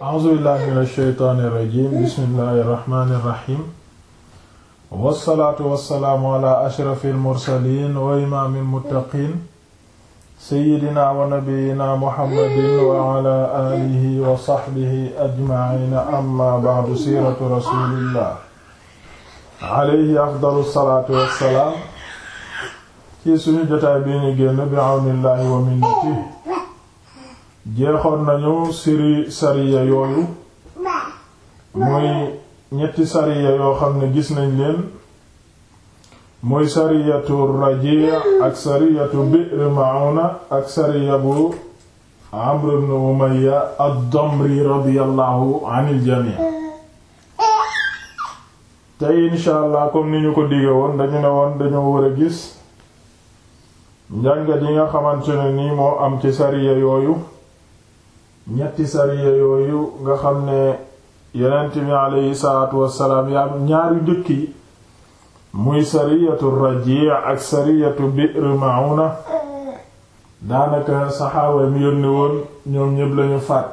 a'uuzu billahi min alsheytaani irrajim bismillahi irrahmani irrahim wassalaatu wassalaamu ala ashrafi almursalin wa imaami almuttaqin seyidina wa nabiyina muhammadin wa ala aalihi wa saxbihi ajmaciina amma ba'du siiratu rasulillah alayhi afdalu salaatu wassalaam ci suñu jotaay bi ñu génn bi awnillahi wa minnatihi jeexoon nañu siri sariya yooyu muy ñetti sariya yoo xam ne gis nañ leen muy sariyatu rajiya ak sariyatu bi'r mauna ak sariya bu amr ibn umayya ad-damri radiyallahu anil jami tey insha allah comme ni ñu ko dige woon dañu ne woon dañoo war a gis njàngat yi nga xamante ne nii moo am ci sariya yooyu ñetti sariya yooyu nga xam ne yonent bi aleyhi salaatu wassalaam yaa ñaari dëkk yi muy sariyatu raji' ak sariyatu bi mauna daanaka saxaaba mi yónni woon ñoom ñépp lañu faat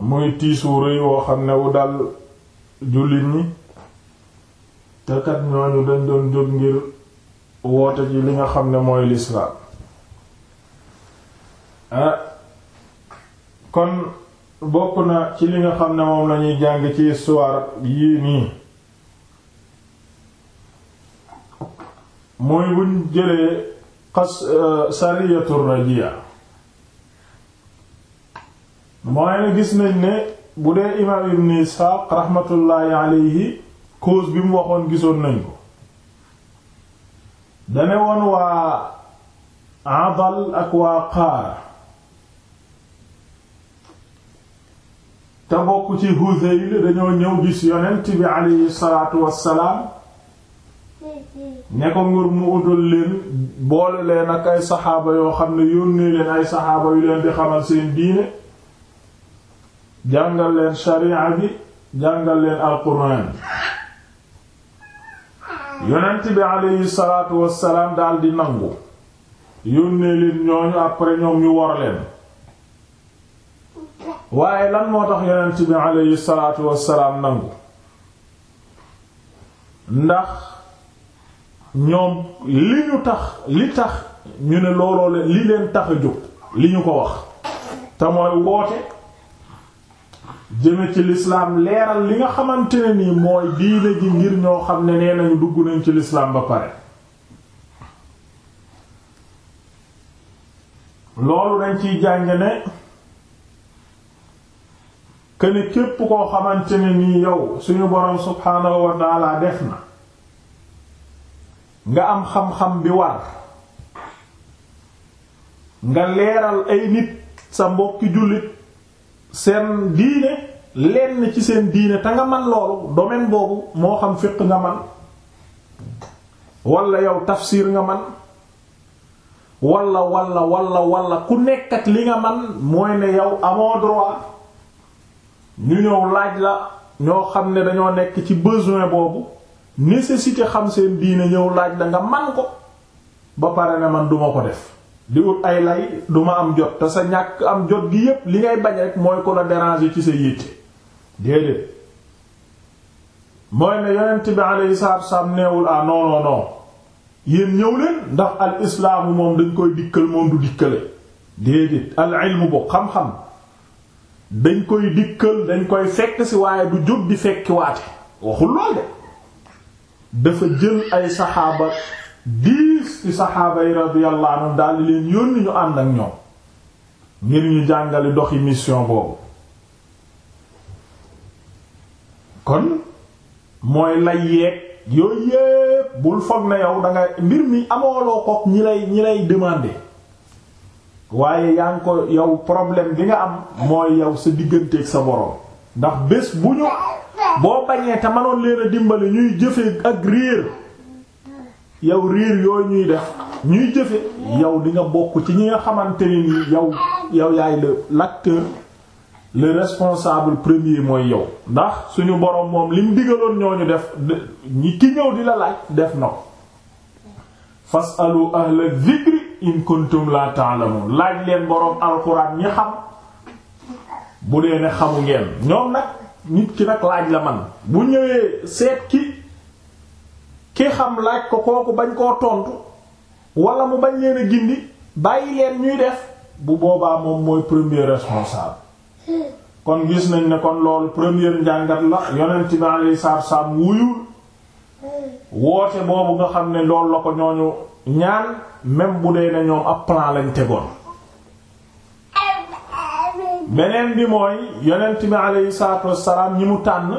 muy tiisu rëy woo xam ne wu dal jullit ñi te kat ñooñu dañ doon jóg ngir woote ci li nga xam ne mooy lislaam ah, kon bokk na ci li nga xam ne moom lañuy jàng ci histoire yii nii mooy buñ jëlee xas euh, sariyatu rajia mooy ne gis nañ ne bu dee imaam ibn isxaaq raxmatullaahi alayhi cause bi mu waxoon gisoon nañ ko dane woon waa adal ak waa qaara te bokk ci Huzayl dañoo ñëw gis yonent bi aleyhi salaatu wassalaam ne ko mu utal leen boole leen ak ay saxaaba yoo xam ne yónnee leen ay saxaaba yu leen di xamal seen diine jàngal leen sharia bi jàngal leen alquran yonent bi aleyhi salaatu wassalaam daldi nangu yónnee leen ñooñu après ñoom ñu war leen waaye lan moo tax yonent bi aleyhi salaatu wassalaam nangu ndax ñoom li ñu tax li tax ñu ne looloo leen li leen tax a jóg li ñu ko wax te mooy woote jëme ci lislaam leeral li nga xamante ne nii mooy diine ji ngir ñoo xam ne nee nañu dugg nañ ci lislaam ba pare loolu dañ ciy jàng ne këni képp koo xamante ni nii yow suñu boroom subhaanahu wa ta'ala def na nga am xam-xam bi war nga leeral ay nit sa mbokki jullit seen diine lenn ci seen diine te nga man loolu domaine boobu moo xam fiqh nga man walla yow tafsir nga man walla walla walla ku nekk li nga man mooy ne yow amoo droit ñu ñëw laaj la ñoo xam ne dañoo nekk ci besoin boobu nécessité xam seen diine ñëw laaj la nga man ko ba pare ne man duma ko def di ut ay lay duma am jot te sa ñàkk am jot gi yépp li ngay bañ rek mooy ko la déranger ci sa yitte déedéet mooy ne yonent bi alayhi salaatu neewul ah non non non yéen ñëw leen ndax al islaamu moom dañ koy dikkal moom du dikkale déedéet al ilmu bu xam-xam dañ koy dikkal dañ koy fekk si waaye du jub di fekki waate waxul lool de dafa jël ay saxaaba diis ci saxaaba yi radiyallahu anhum daal di leen yónni ñu ànd ak ñoom ngir ñu jàngale doxi mission boobu kon mooy lay yeeg yooyu yépp bul foog na yow da mbir mi amooloo kook ñi lay ñi lay demander waaye yaa ngi ko yow problème bi nga am mooy yow sa digganteeg sa boroom ndax bés bu ñu boo bañee te manoon leen a dimbali ñuy jëfe ak riir yow riir yooyu ñuy def ñuy jëfe yow dinga bokk ci ñi nga xamante ne ni yow yow yaay le l'acteur le responsable premier mooy yow ndax suñu boroom moom lim digaloon ñu def ñi ki ñëw di la laaj def na ko fasalu ahla dhikri in kuntum laaj leen boroom alxuraan ñi xam bu dee ne xamu ngeen ñoom nag nit ki nag laaj la man bu ñëwee seet ki ki xam laaj ko kooku bañ koo tontu wala mu bañ leen a gindi bàyyi leen ñuy def bu boobaa moom mooy premier responsable kon gis nañ ne kon loolu premier njàngat la yonent bi alayhi salaam wuyul woote boobu nga xam ne loolu la ko ñooñu ñaan même bu dee na ñoom ab plan lañ tegoon beneen bi mooy yonent bi aleyhi salaatu wassalaam ñi mu tànn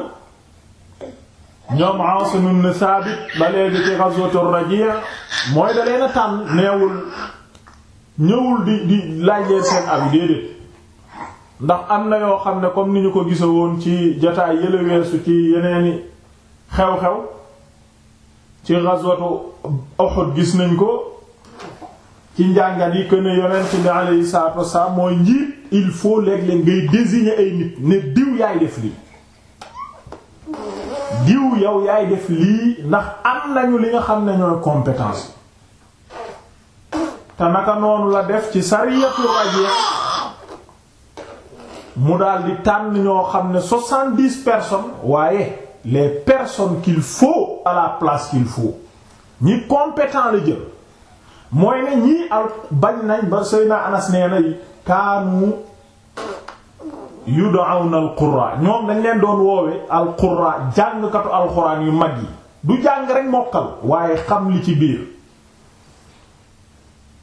ñoom Aasim ibn Saabit ba léegi ci ghazwatur Raji' mooy da leen tànn neewul ñëwul di di laaj leen seen ab déedéet ndax am na yoo xam ne comme ni ñu ko gisa woon ci jotaay yële ci yeneeni xew-xew ci ghazwatu Uhud gis nañ ko ci njàngat yi que ne yonent bi alayhi salaatu wasalaam mooy njiit il faut léeg-léeg ngay désigner ay nit ne diw yaay def lii diw yow yaay def lii ndax am nañu li nga xam ne ñooy compétence te naka noonu la def ci sariyatu Rajia mu daal di tànn ñoo xam ne soixante-dix personnes waaye. les personnes qu'il faut à la place qu'il faut ñi compétent la jël mooy ne ñii al bañ nañ ba Seydina Anas nee na kaanu yud'awna al qurra ñoom dañ leen doon woowe al qurra jàngkatu alxuraan yu mag yi du jàng rek mokkal waaye xam li ci biir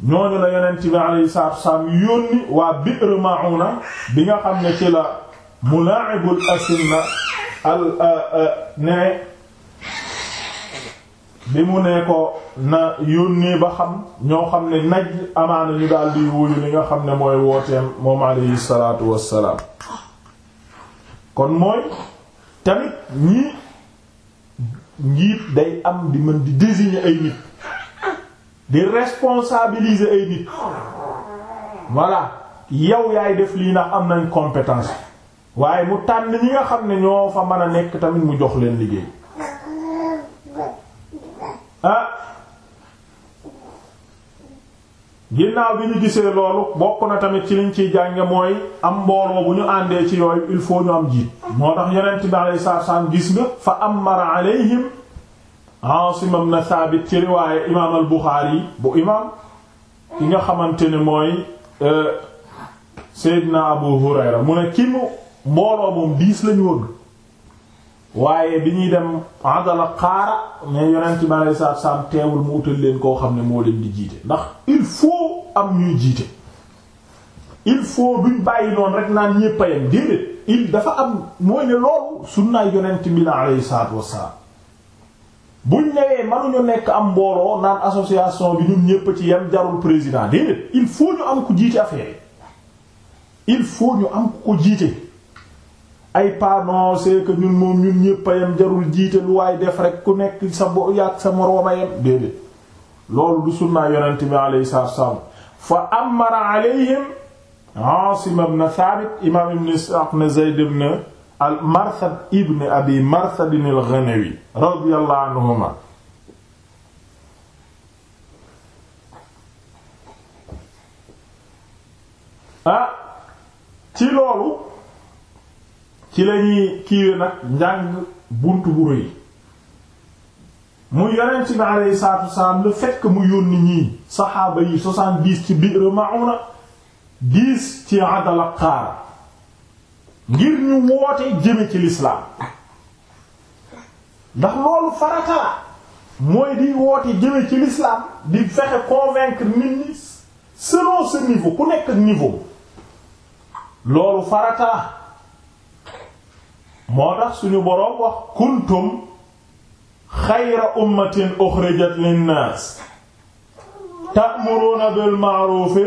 ñooñu la yonent bi alayhi salaatu wasalaam yónni waa Bi'r Ma'una bi nga xam ne ci la Mulaa'ibul Asinna al euh, euh, ne bi mu ne ko na yónnee ba xam ñoo xam ne naj amaana ñu daal di wuyu li nga xam ne mooy wooteem moom alayhi salaatu wassalaam kon mooy tamit ñii njiit day am di mën di désigner ay nit di responsabiliser ay nit voilà yow yaay def lii nag am nañ compétence waaye mu tànn ñi nga xam ne ñoo fa man a nekk tamit mu jox leen liggéey ah ginnaaw bi ñu gisee loolu bokk na tamit ci liñ ciy jànge mooy am mbooloo bu ñu àndee ci yooyu il faut ñu am jiit moo tax yonent bi alayhi salaam gis nga fa amara alayhim Aasim ibn Saabit ci riwaaye imaam al bu imaam ki nga xamante ne mooy euh, Seydina Abu Hurayra mu ne ki mbooloo moom diis lañu wëgg waaye bi ñuy dem adala xaara mais yonent bi alei salatu teewul mu utal leen koo xam ne moo leen di jiite ndax il faut am ñuy jiite il faut duñ bàyyi noonu rek naan ñépp a déedéet il dafa am mooy ne loolu sunnaay yonent mi la aleyhi salatu wassalaam buñ newee mënuñu nekk am mbooloo naan association bi ñun ñépp ci yem jarul président déedéet il faut ñu am ku jiite affaire il faut ñu am ku ko jiite ay pas non ñun moom ñun ñépp a yem jarul jiite lu waay def rek ku nekk sa bo yàgg sa morooma yem loolu du sunnaa yonent bi alayhi salaatu wassalaam fa amara alayhim Aasim ibn Thaabit imaam ibn Isxaaq ibn Zayd ibn al Marsad ibn Abi Marsad al-Ghanawi radiyallahu anhuma ah ci loolu ci lañuy kiiwe nag njàng bunt bu rëy mu yonent bi alayhi salaatu wasalaam le fait mu yónni ñii saxaaba yi soixante-dix ci biir Mauna dix ci adala xaara ngir ñu woote jëme ci lislaam ndax loolu farata la mooy di woote jëme ci lislaam di fexe convaincre nit ñi selon ce niveau ku nekk ak loolu farata moo tax suñu boroom wax kuntum xayra ummatin uxrijat linnaas ta'muruuna bil ma'ruufi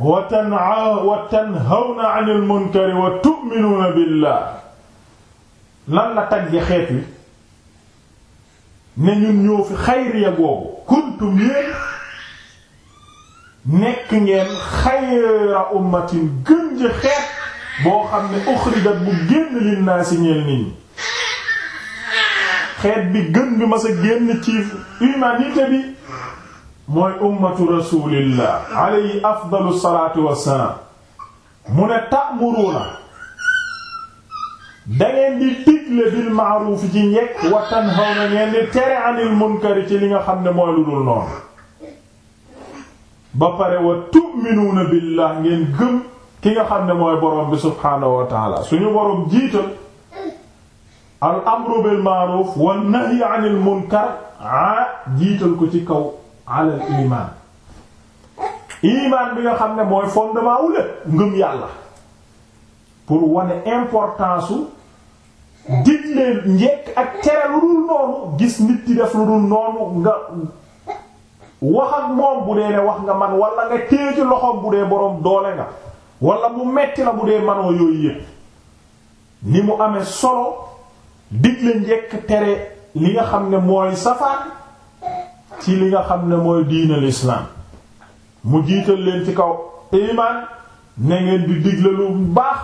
wa tanhawna 'anil munkari wa tu'minuuna billah lan la tagge xeet wi ne ñun ñoo fi xayriya googu kuntum yéen nekk ngeen xayra ummatin gën ji xeet boo xam ne uxrijat bu génn lin naa si ñeel xeet bi gën bi mas a génn ci humanité bi mooy ummatu rasulillah alayhi afdalu salaatu wassalaam mu ne ta'muruuna dangeen di digle bil ma'ruuf ci njekk wa tanhawna ngeen di tere anil munkari ci li nga xam ne mooy lu dul noonu ba pare wa tu'minuuna billah ngeen gëm ki nga xam ne mooy borom bi subhaanahu wa taala suñu borom jiital al amru wan nahyi 'anil munkar ah jiital ko ci kaw alal iman iman bi nga xam ne mooy fondement wu lépp yàlla pour wane importance su digle njekk ak tere nga bu dee ne wax nga man walla nga téye ci loxoom bu dee borom doole nga. wala mu metti la bu dee manoo yooyu yëpp ni mu amee solo digle njekk tere li nga xam ne mooy safaan ci li nga xam ne mooy diinal islaam mu jiital leen ci kaw iman ne ngeen di digle lu baax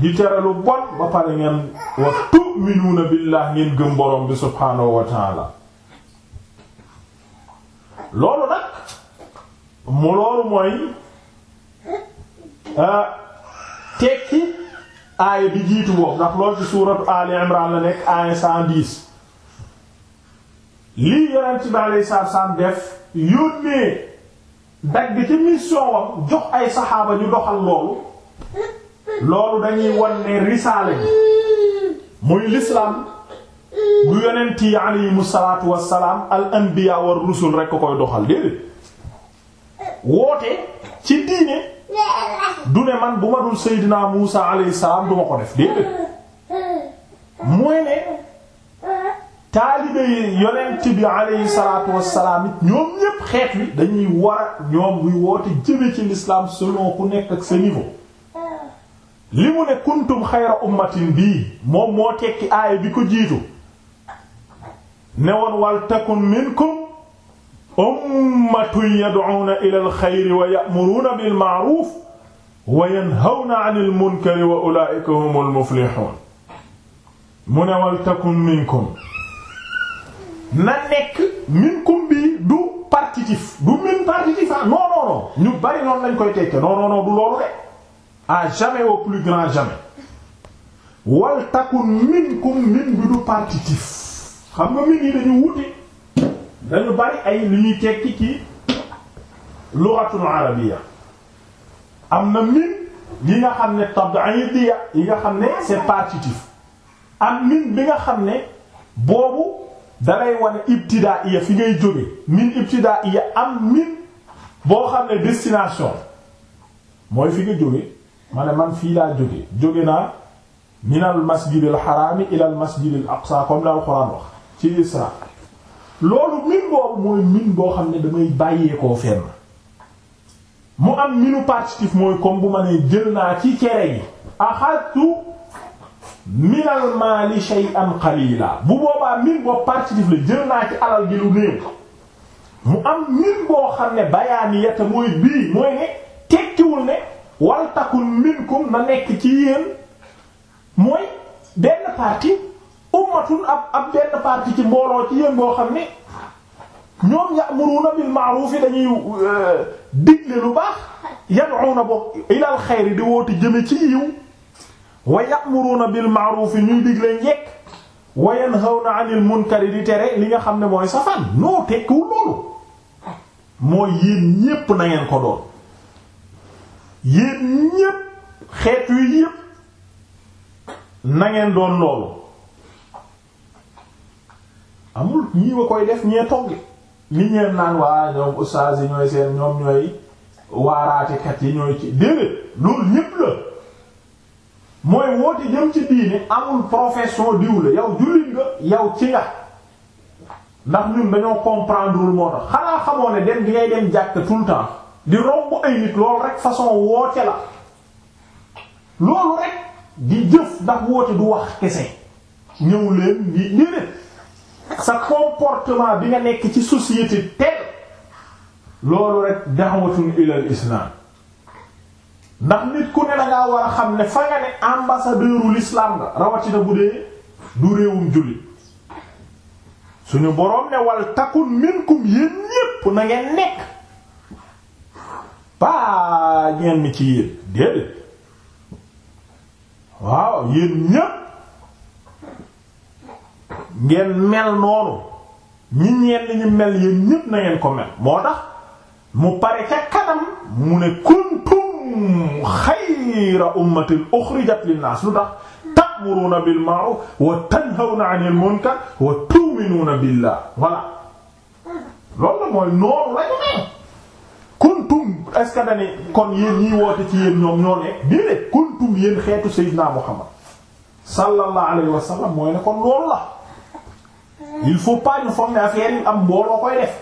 di tere lu bon ba pare ngeen wa tu'minuuna billah ngeen gëm borom bi subhaanahu wa loolu nag mu loolu mooy Ah, tekki aaya bi jiitu boobu ndax loolu ci suuratu Ali Imran la nekk aaya 110 lii yonent bi alayhi salaatu salaam def yónnee dagg ci mission wam jox ay saxaaba ñu doxal loolu loolu dañuy wan ne risaale bi muy lislaam du yonent yi alayhimu salaatu wassalaam al anbiya war rusul rekk koy doxal déedéet woote ci diine du ne man bu ma dul Seydina Muusa alayhi salaam du ko def déedéet mooy ne taalibe yi yonent bi alayhi salaatu wassalaam ñoom ñépp xeet wi dañuy war a ñoom muy woote jëme ci l'islam selon ku nekk ak sa niveau li mu ne kuntum xayra ummatin bii moom moo tekki aaya bi ko jiitu ne woon wal takun minkum ummatun yad'una ila al-khayri wa ya'muruna bil ma'ruf wa yanhawna 'anil munkari wa ulaa'ika humul muflihun mu ne wal takun minkum na nekk minkum bi du partitif du min partitif ah non ñu bari noonu lañ koy tekke non non du loolu rek à jamais au plus grand jamais wal takun minkum min bi du partitif xam nga min yi dañu wuti dañu bari ay lu ñuy tekki ci lughatul arabiyya am na min yi nga xam ne tab'idiyya yi nga xam ne c'est partitif am min bi nga xam ne boobu dalay wane ibtidaaiya fi ngay jóge min ibtidaaiya am min boo xam ne destination mooy fi nga jóge ma ne man fii laa jóge jóge naa min al masjid al haram ila al masjid al aqsa comme la alxuraan wax ci Isra loolu min boobu mooy min boo xam ne damay bàyyeekoo fenn mu am minu partitif mooy comme bu ma nee jël naa ci cere gi axadtu minal maali shay'an qalila bu boobaa min boo partitif la jël naa ci alal bi lu néew mu am min boo xam ne bayaani yetta mooy bii mooy ne tekkiwul ne wal takun minkum na nekk ci yéen mooy benn parti ummatun ab ab benn parti ci mbooloo ci yéen boo xam ne ñoom ya'muruna bil ma'ruf dañuy euh, digle lu baax yad'una bokk ilal xayri di woote jëme ci yiw wa ya'muruna bil ma'ruf ñuy digle njekk wa yanhawna 'anil munkari di tere li nga xam ne mooy safaan noo tekkiwul loolu mooy yéen ñépp na ko doon yéen ñépp xeet yu yépp na doon loolu amul ñii koy def ñee toggi li ñeen naan waa ñoom ustaas yi ñooy seen ñoom ñooy waaraatekat yi ñooy ci déedéet loolu ñépp la mooy woote jëm ci diine amul profession diw la yow jullit nga yow ci nga ndax ñun dañoo comprendre wul moo tax xanaa xamoo ne dem di ngay dem jàkk tout temps di romb ay nit loolu rek façon woote la loolu rek di jëf ndax woote du wax kese ñëw leen déedéet sa comportement bi nga nekk ci société tel loolu rek da'watun ilal islam ndax nit ku ne dangaa war xam ne fa nga ne ambassadeuru l'islam nga rawatina bu dee du réewum jullit suñu boroom ne wal takun minkum yéen ñépp na nekk ba ñeen mi ci yéen déedéet waaw yéen ñépp ngeen mel noonu ñi ñenn ñi mel yéen ñépp na ngeen ko mel moo tax mu pare ca kanam mu ne kuntum xayra ummatin uxrijat linnaas lu tax ta'muruna bil ma'ruf wa tanhawna 'anil munkar wa tu'minuna billah voilà loolu la mooy noonu la ñu kuntum est kon yéen ñiy woote ci yéen ñoom ñoo ne déedéet kuntum yéen xeetu sayyidina Muhammad sallallahu alayhi wa mooy ne kon loolu la il faut pas ñu foog ne yi am mbooloo koy def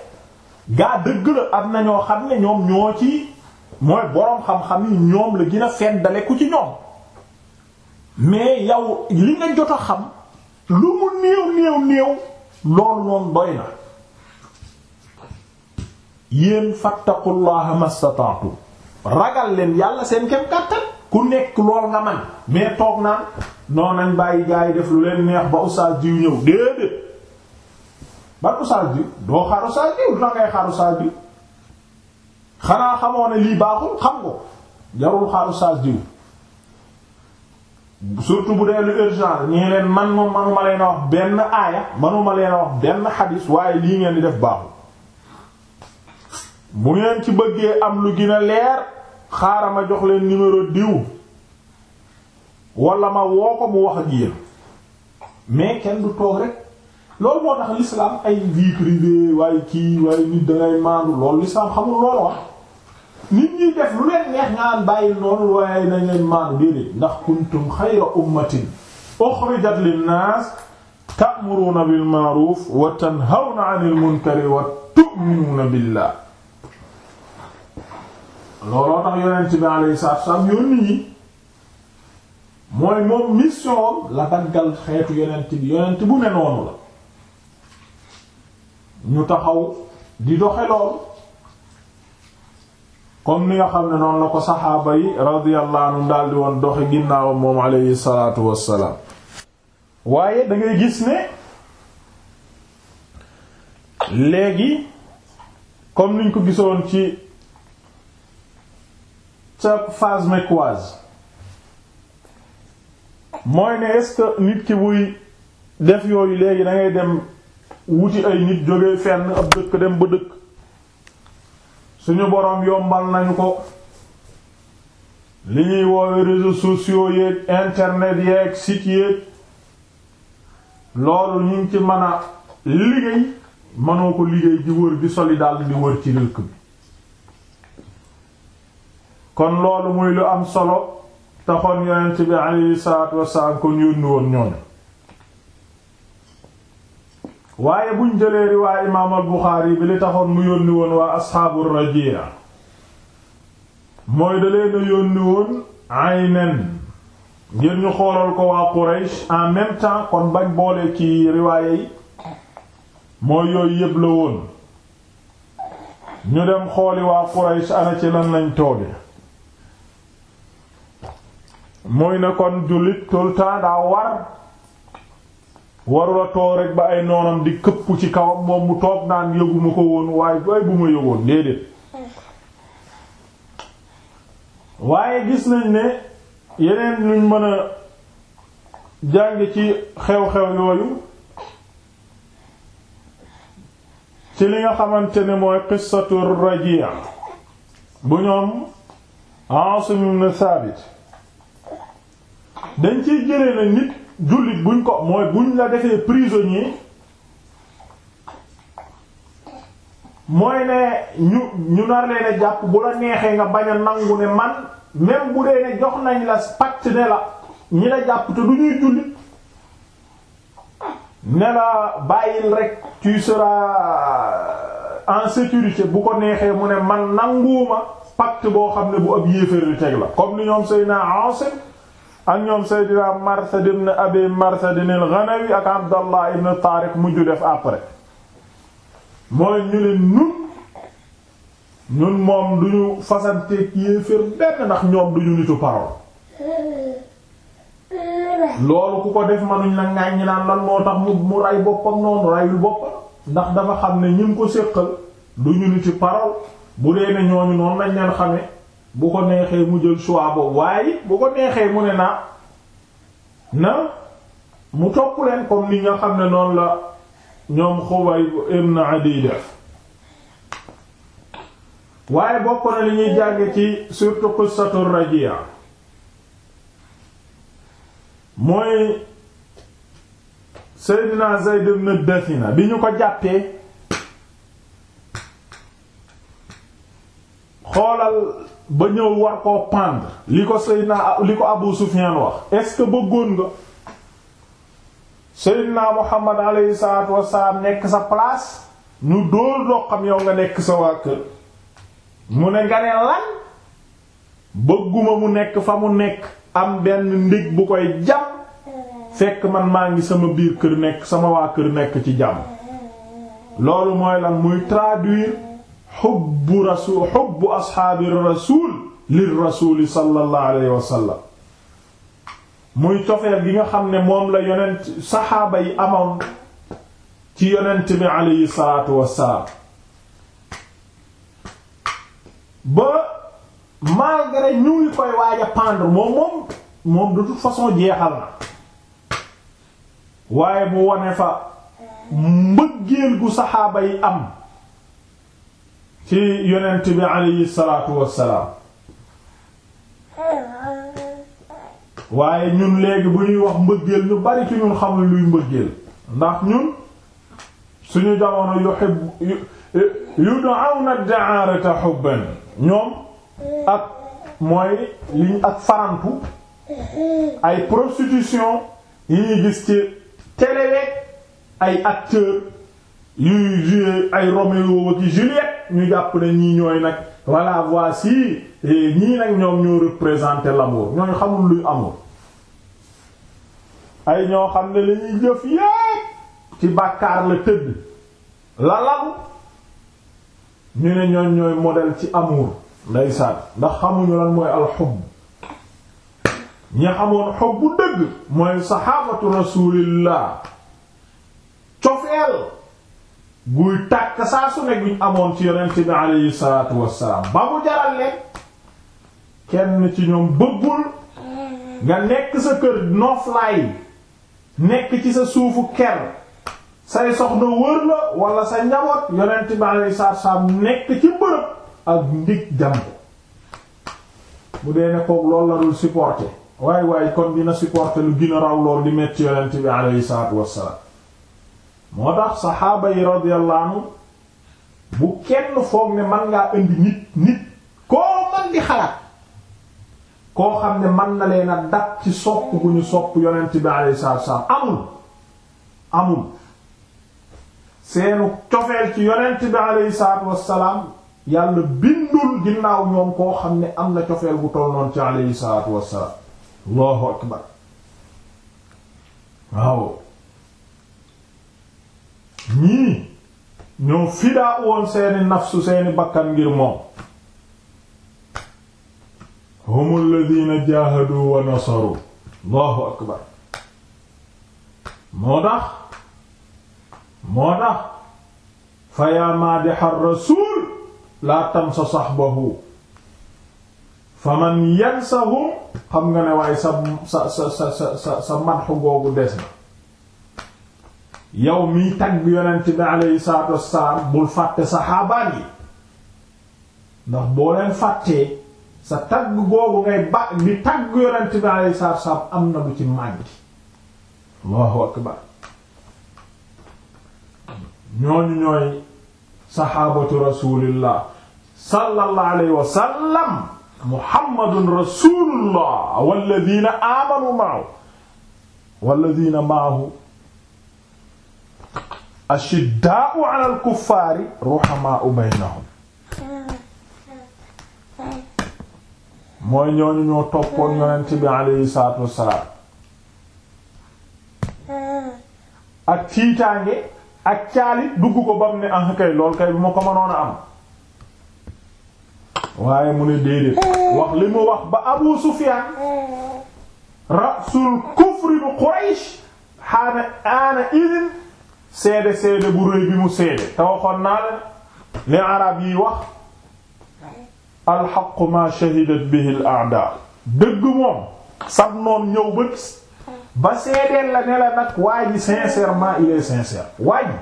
gaa dëgg la am na ñoo xam ne ñoom ñoo ci mooy boroom xam-xam yi ñoom la gën a feddale ku ci ñoom mais yow li nga jot xam lu mu néew néew néew loolu noonu doy na yéen fattaqullaha mastata'tu ragal leen yàlla seen kem kàttan ku nekk lool nga man mais toog naa noonu nañ bàyyi gaa yi def lu leen neex ba oustaz diw ñëw déedéet ban oustaz bi doo xaar oustaz bi lu tax ngay xaar oustaz bi xanaa xamoo lii baaxul xam nga jarul xaaru saas diw surtout bu dee lu urgent ñi leen man moom manuma leen a wax benn aaya manuma leen a wax benn xadis waaye lii ngeen di def baaxul bu ngeen ci bëggee am lu gën leer xaaral ma jox leen numéro diw wala ma woo ko mu wax ak mais kenn du toog rek loolu moo tax l'islam ay vie privée waaye kii waaye nit dangay maandu loolu l'islam xamul loolu waaye nañ leen maandu déedéet ndax kuntum xayra ummatin uxrijat linnaas ta'muruna bil ma'ruf wa tanhawna 'anil munkari wa tu'minuna tax yonent bi alayhi salaatu wa salaam ñi mooy moom mission la daggal xeetu yonent bi yonent bu ne la ñu taxaw di doxe lool comme ni nga xam ne noon la ko saxaaba yi radiyallahu anhu daldi woon doxe ginnaawam moom alayhi salaatu wassalaam waaye dangay gis ne léegi comme niñ ko gisoon ci ca phase mecquoise mooy ne est-ce que nit ki buy def yooyu léegi da ngay dem wuti ay nit jóge fenn ab dëkk dem ba dëkk suñu boroom yombal nañu ko li ñuy woowe réseaux sociaux yéeg internet yeeg site yeeg loolu ñu ngi ci mën a liggéey mënoo ko liggéey di wër di soli daal di wër ci dëkk bi kon loolu muy lu am solo taxoon yonent bi alayhi salaatu wasalaam kon yónni woon ñooñu waaye buñ jëlee riwaay imaam al Buxaari bi li taxoon mu yónni woon waa asxaabu rajiya mooy da leen yónni woon aynen ngir ñu xoolal ko waa Quraysh en même kon bañ boole ci riwaaye yi mooy yooyu yëpp la woon ñu dem xooli waa Quraysh ana ci lan lañ tooge mooy ne kon jullit tout daa war warula too rek ba ay noonam di këppu ci kawam moom mu toog naan yëguma ko woon waaye ay bu ma yëgoon déedéet waaye gis nañ ne yeneen luñ mën a jàng ci xew-xew yooyu ci li nga xamante ne mooy qissatu Raji' bu ñoom Asim ibn Thabit dañ ciy jëlee na nit jullit buñ ko mooy buñ la defee prisonnier mooy ne ñu ñu nar leen a jàpp bu la neexee nga bañ a nangu ne man même bu dee ne jox nañ la pacte ne la ñi la jàpp te du ñuy jullit ne la bàyyil rek tu seras euh, en sécurité bu ko neexee mu ne man nanguuma pacte boo xam ne bu ab yéeféer lu teg la comme ni ñoom naa Asim ak ñoom Seydina Marsad ibn Abi Marsad al-Ghanawi ak Abdallah ibn Tariq mujj def après mooy ñu ne ñun ñun moom duñu fasanteeg yéeféer benn ndax ñoom duñu nitu parole loolu ku ko def manuñ la ŋàññi naan lan moo tax mu ray boppam noonu rayul boppam ndax dafa xam ne ñi ngi ko séqal duñu niti parole bu dee ne ñooñu noonu lañ leen xamee bu ko neexee mu jël choix boobu waaye bu ko neexee mu ne na na mu topp leen comme ni nga xam ne noonu la ñoom Xubayb ibn Adi def waaye bokk na li ñuy jàng ci surtout qissatu Rajia mooy Seydina Zayd ibn Dathina bi ñu ko jàppee xoolal ba ñëw war koo pendre li ko Seydina li ko Abu Sufyan wax est ba que bëggoon nga Seydina Muhammad alayhi salaatu wassalaam nekk sa place ñu dóor doo xam yow nga nekk sa waa kër mu ne nga ne lan bëgguma mu nekk fa mu nekk am benn ndig bu koy jàpp fekk man maa ngi sama biir kër nekk sama waa kër nekk ci jàmm loolu mooy lan muy traduire xubbu rasul xubbu asxaabi rasul lir rasuli sallallahu alayhi wa sallam muy cofeel gi nga xam ne moom la yonent saxaaba yi amoon ci yonent bi alayhi salaatu wassalaam ba malgré ñu ngi koy waaj a pendre moom moom moom de toute façon jeexal na waaye mu wone fa mbëggeel gu saxaaba yi am ci yonent bi aleyhi salaatu wassalaam waaye ñun léegi bu ñuy wax mbëggeel ñu bari ci ñun xamul luy mbëggeel ndax ñun suñu jamono yuhibbu yud'awna da'arata hubban ñoom ak mooy liñ ak farantu ay prostitution yi ñuy gis ci télé ay acteurs ñuy jouer ay Roméo ak Juliette ñu jàpp ne ñii ñooy nag voilà voici ñii nag ñoom ñu représenter l'amour ñooy xamul luy amour ay ñoo xam ne la ñuy jëf yépp ci bàkkaar la tëdd la lalu ñu ne ñooñ ñooy modèle ci amour ndeysaan ndax xamuñu lan mooy alxubb ñi xamoon xubbu dëgg mooy saxaabatu rasulillah cofeel buy tàkk saa su ne guñ amoon ci yonent bi alayhi salaatu wassalaam ba mu jaral kenn ci ñoom bëggul nga nekk sa kër noflaay nekk ci sa suufu ker say soxna wër la wala sa njaboot yonent bi alayhi salaatu wassalaam nekk ci bërëb ak ndig jàmm bu dee ne kook la dul supporter waaye waaye kon dina supporter lu gën a raw lool di metti yonent bi alayhi salaatu wassalaam moo tax saxaaba yi radiyallahu bu kenn foog ne man ngaa indi nit nit koo man di xalaat koo xam ne man na leen a dab ci sopp gu ñu sopp yonent bi amul amul seenu cofeel ci yonent bi alayhi salaatu yàlla bindul ginnaaw ñoom koo xam ne am na cofeel bu toll ci alayhi salaatu wa salaam allahu akbar waaw ñii ñoo fidaa woon seeni nafsu seeni bakkan ngir moom hum alladina akbar moo tax moo tax fa yaa maadixa rasuul laa tansa saxbahu fa man yansahum xam nga ne waaye sa sa sa sa sa sa googu des na yow miy tagg yonent bi aleyhi salaatu wassalaam bul fàtte saxaabaan yi ndax boo leen fàttee sa tagg googu ngay ba di tagg yonent bi aleyhi salaatu wassalaam am na lu ci màggi allahu akbar ñooñu ñooy saxaabatu rasulillah sallallahu alayhi wa sallam muhammadun rasulullah walladina amanu ma'ahu walladina ma'ahu ashiddaa'u ala al-kuffaari ruhamaa'u baynahum mooy ñooñu toppoon yonent bi alayhi salaatu wassalaam ak tiitaange ak caali dugg ko bam ah, lool kay bu ma ko mënoon a am waaye mu ne déedéet wax li wax ba Abu Sufyaan ra'sul kufri bi Quraysh haana aana idin seede seede bu rëy bi mu seede te waxoon naa la ne yi wax alxaqu ma shahidat bihi al dëgg moom sab noon ñëw ba ba seedeel la ne la nag waa ji sincèrement il est sincère waa ji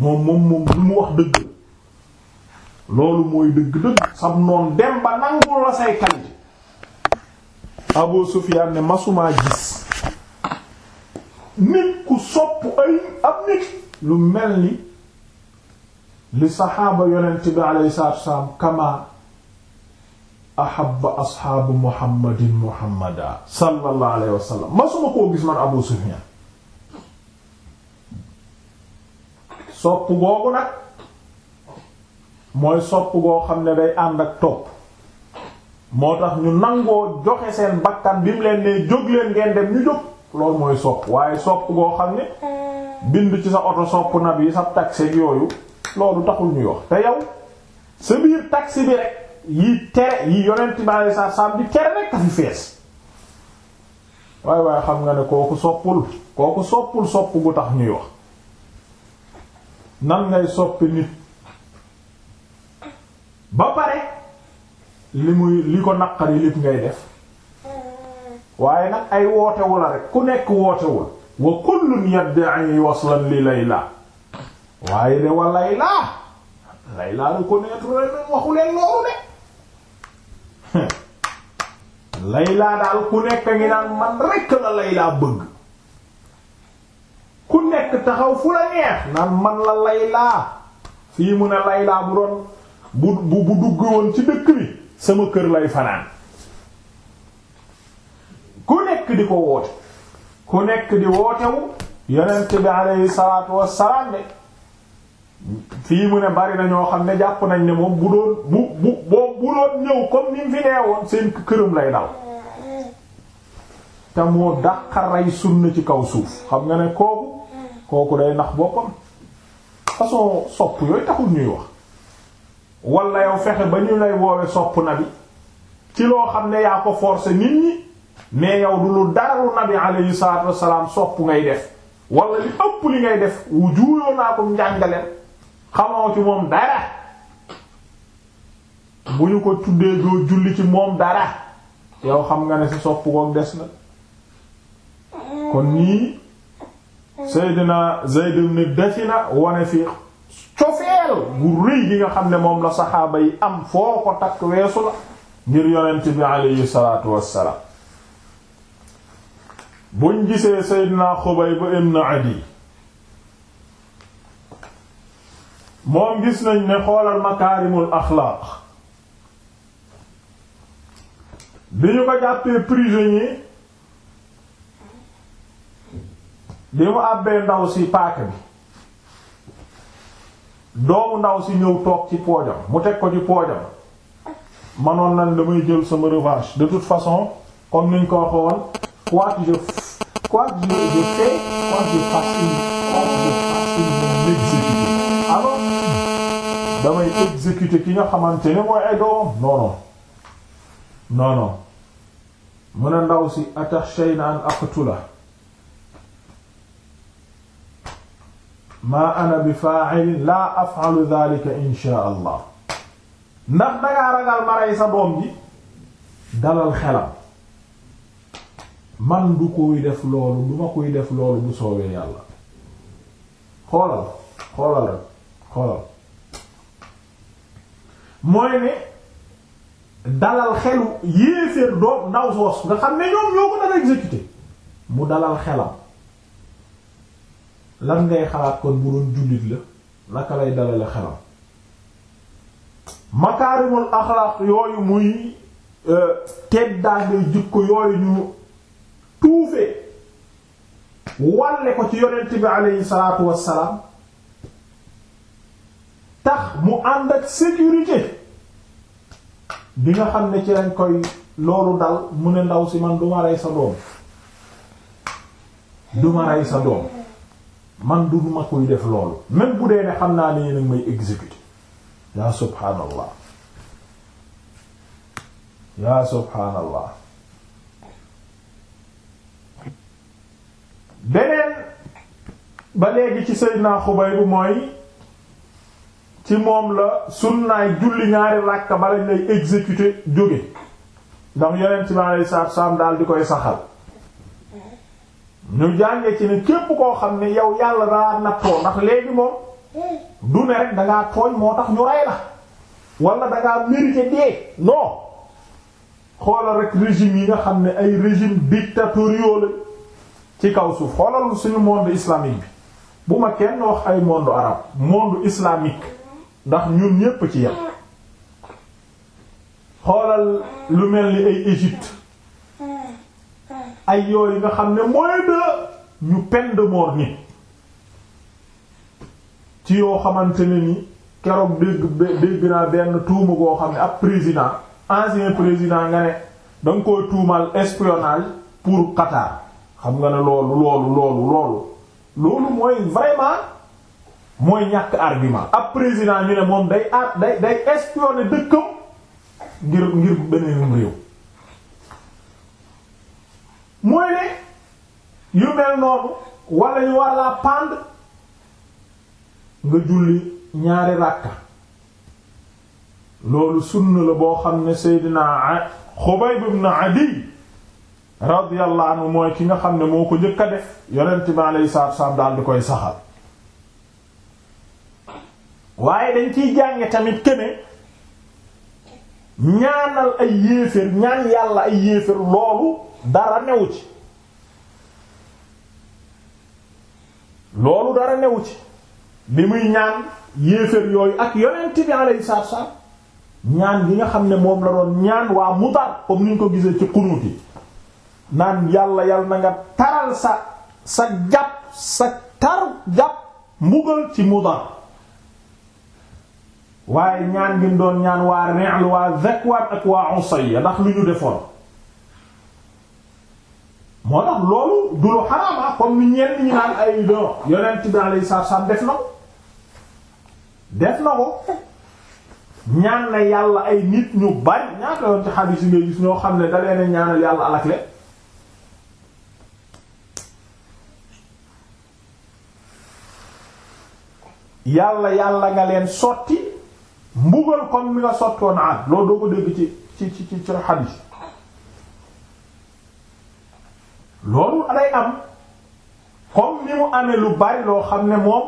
moom moom lu mu wax dëgg loolu mooy dëgg-dëgg sab noon dem ba nangul la say kalji Abu Sufyan ne masumaa gis nit ku sopp ay ab nit lu mel ni li saxaaba yonent bi alayhi salaatu wasalaam kama ahabba asxaabu muhammadin muhammadan sallallahu alayhi wa sallam masuma koo gis man abu sufyan sopp googu nag mooy sopp goo xam ne day ànd ak topp moo tax ñu nangoo joxe seen bakkan bi mu leen ne jóg leen ngeen dem ñu jóg loolu mooy sopp waaye sopp goo xam ne bind ci sa oto sopp na bi sa taxi yooyu loolu taxul ñuy wax te yow sa biir taxi bi rek yi tere yi yonent bi sa saam bi tere rek a fi fees waaye waaye xam nga ne kooku soppul kooku soppul sopp gu tax ñuy wax nan ngay soppi nit ba pare li muy li ko naqari lépp ngay def waaye nag ay wootewu la rek ku nekk wootewul wa kullun yadda'i waslan li layla waaye de wa layla layla reconnaître leen waxu leen loolu de layla daal ku nekk ngi naan man rekk la layla bëgg ku nekk taxaw fu la neex naan man la layla fii mu ne layla bu doon bu bu dugg woon ci dëkk bi sama kër lay fanaan nekk di ko woote ku nekk di wootewu yonent bi alayhi salaatu wassalaam de fii mu ne bari na ñoo xam ne jàpp nañ ne moom bu doon bu bu boo bu doon ñëw comme ni mu fi nee seen këram lay dal te moo dàqaray sunna ci kaw suuf xam nga ne kooku kooku day nax boppam façon sopp yooyu taxul ñuy wax wala yow fexe ba ñu lay woowe sopp na bi ci loo xam ne yaa ko forcer nit ñi mais yow du lu dara lu nabi alayhi salaatu wassalaam sopp ngay def wala li ëpp li ngay def wu juuyoo naa ko njàngaleen xamoo ci moom dara bu ñu ko tuddee doo julli ci moom dara yow xam nga ne si sopp kook des na kon nii Seydina Zayd ibn Dathina wane fi cofeel gu rëy gi nga xam ne moom la saxaaba yi am foo ko takk weesu la ngir yonent bi alayhi salaatu wassalaam buñ gisee Seydina Xubayb ibn Adi moom gis nañ ne xoolal makaarimul axlaaq bi ñu ko jàppee prisonnier bi mu àbbee ndaw si paaka bi doomu ndaw si ñëw toog ci poojam mu teg ko ci poojam manoon nañ damay jël sama revanche de toute façon comme niñ ko waxoon quoi que quoi Dieu je fais, quoi je facile, quoi je facile moom l'exécuter alors ki nga xamante ne mooy ay doomam non non non non mun si atashayna an aqtula maa ana bi fa'il la af'alu dhalika insha allah ndax dangaa ragal ma rey sa dalal xelam man du koy def loolu du ma koy def loolu bu soowee yàlla xoolal xoolal rek xoolal mooy ne dalal xelu yéeféer doo ndaw soos nga xam ne ñoom ñoo ko dara exécuté mu dalal xelam lan ngay xalaat kon bu doon jullit la naka lay dalale xelam makaarimul axlaaq yooyu muy euh, teddaangay jikko yooyu ñu tuufee wàlle ko ci yonent bi aleyhi salaatu wassalaam tax mu ànd ak sécurité bi nga xam ne ci lañ koy loolu dal mu ne ndaw si man duma rey sa doom duma rey sa doom man du ma koy def loolu même bu dee ne xam naa ne yéen may exécuter yaa subhaanallah yaa subhaanallah beneen ba léegi ci Seydina Xubay bu mooy ci moom la sunnaay julli ñaari ràkka ba lañ lay exécuter jóge ndax yonent bi alayhi salaatu salaam daal di koy saxal ñu jànge ci ne képp koo xam ne yow yàlla daa nattoo ndax léegi moom du ne rek dangaa tooñ moo tax ñu rey la wala dangaa mérité dee non xoolal rek régime yi nga xam ne ay régime dictatoriaux la ci kaw suuf xoolal suñu monde islamique bi bu ma kenn wax ay monde arab monde islamique ndax ñun ñépp ci yem xoolal lu mel ni ay Égypte ay yooyu nga xam ne mooy de ñu peine de mort ni ci yoo xamante ne ni keroog dégg dégg naa benn tuuma goo xam ne ab président ancien président nga ne da koy tuumal espionnage pour Qatar xam nga ne loolu loolu loolu loolu mooy vraiment mooy ñàkk argument ab président ñu ne moom day a day day espionner dëkkam ngir ngir beneenum réew mooy ne yu mel noonu wala ñu war laa pendre nga julli ñaari ràkka loolu sunna la boo xam ne Seydina Xubayb ibn Adi radiyallahu anhu mooy ki nga xam ne moo ko njëkk a def yonent bi alayhi salaatu salaam daal di koy saxal waaye dañ ciy jànge tamit këne ñaanal ay yéeféer ñaan yàlla ay yéeféer loolu dara newu ci loolu dara newu ci bi muy ñaan yéeféer yooyu ak yonent bi alayhi salaatu salaam ñaan gi nga xam ne moom la doon ñaan waa Mudar comme niñ ko gisee ci xunuut yi naan yàlla yàlla na nga taral sa sa jàpp sa tar jàpp mbugal ci Mudar waaye ñaan gi doon ñaan waa Ri'l waa Zakwaan ak waa Usayya ndax lu ñu defoon moo tax loolu du lu xaraama ah, comme ni ñenn ñi naan ay do yonent bi alayhi salaam def na ko def na ko ñaan na yàlla ay nit ñu bari ñaata yoon ci xadiis yi ngay gis ñoo xam ne da leen ñaanal yàlla alakle yàlla yàlla nga leen sotti mbugal comme mi nga sottoon Aad loolu doo ko dégg ci ci ci ci xadiis loolu day am comme ni mu amee lu bari loo xam ne moom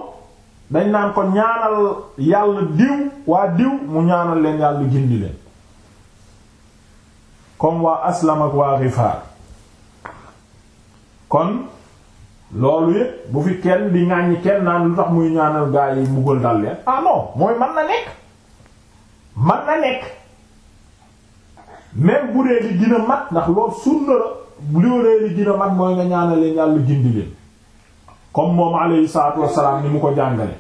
dañ naan ko ñaanal yàlla diw waa diw mu ñaanal leen yàlla gindi leen comme waa Aslam ak waa Gifaar kon loolu yëpp bu fi kenn di ŋàññi kenn naan lu tax muy ñaanal gaa yi mbugal dal leen ah mooy mën na nekk mën na nekk même bu dee li dina mat ndax loolu sunna lu dee li dina mat mooy nga ñaanal leen yàlla comme moom alayhi salaatu wassalaam ni mu ko jàngale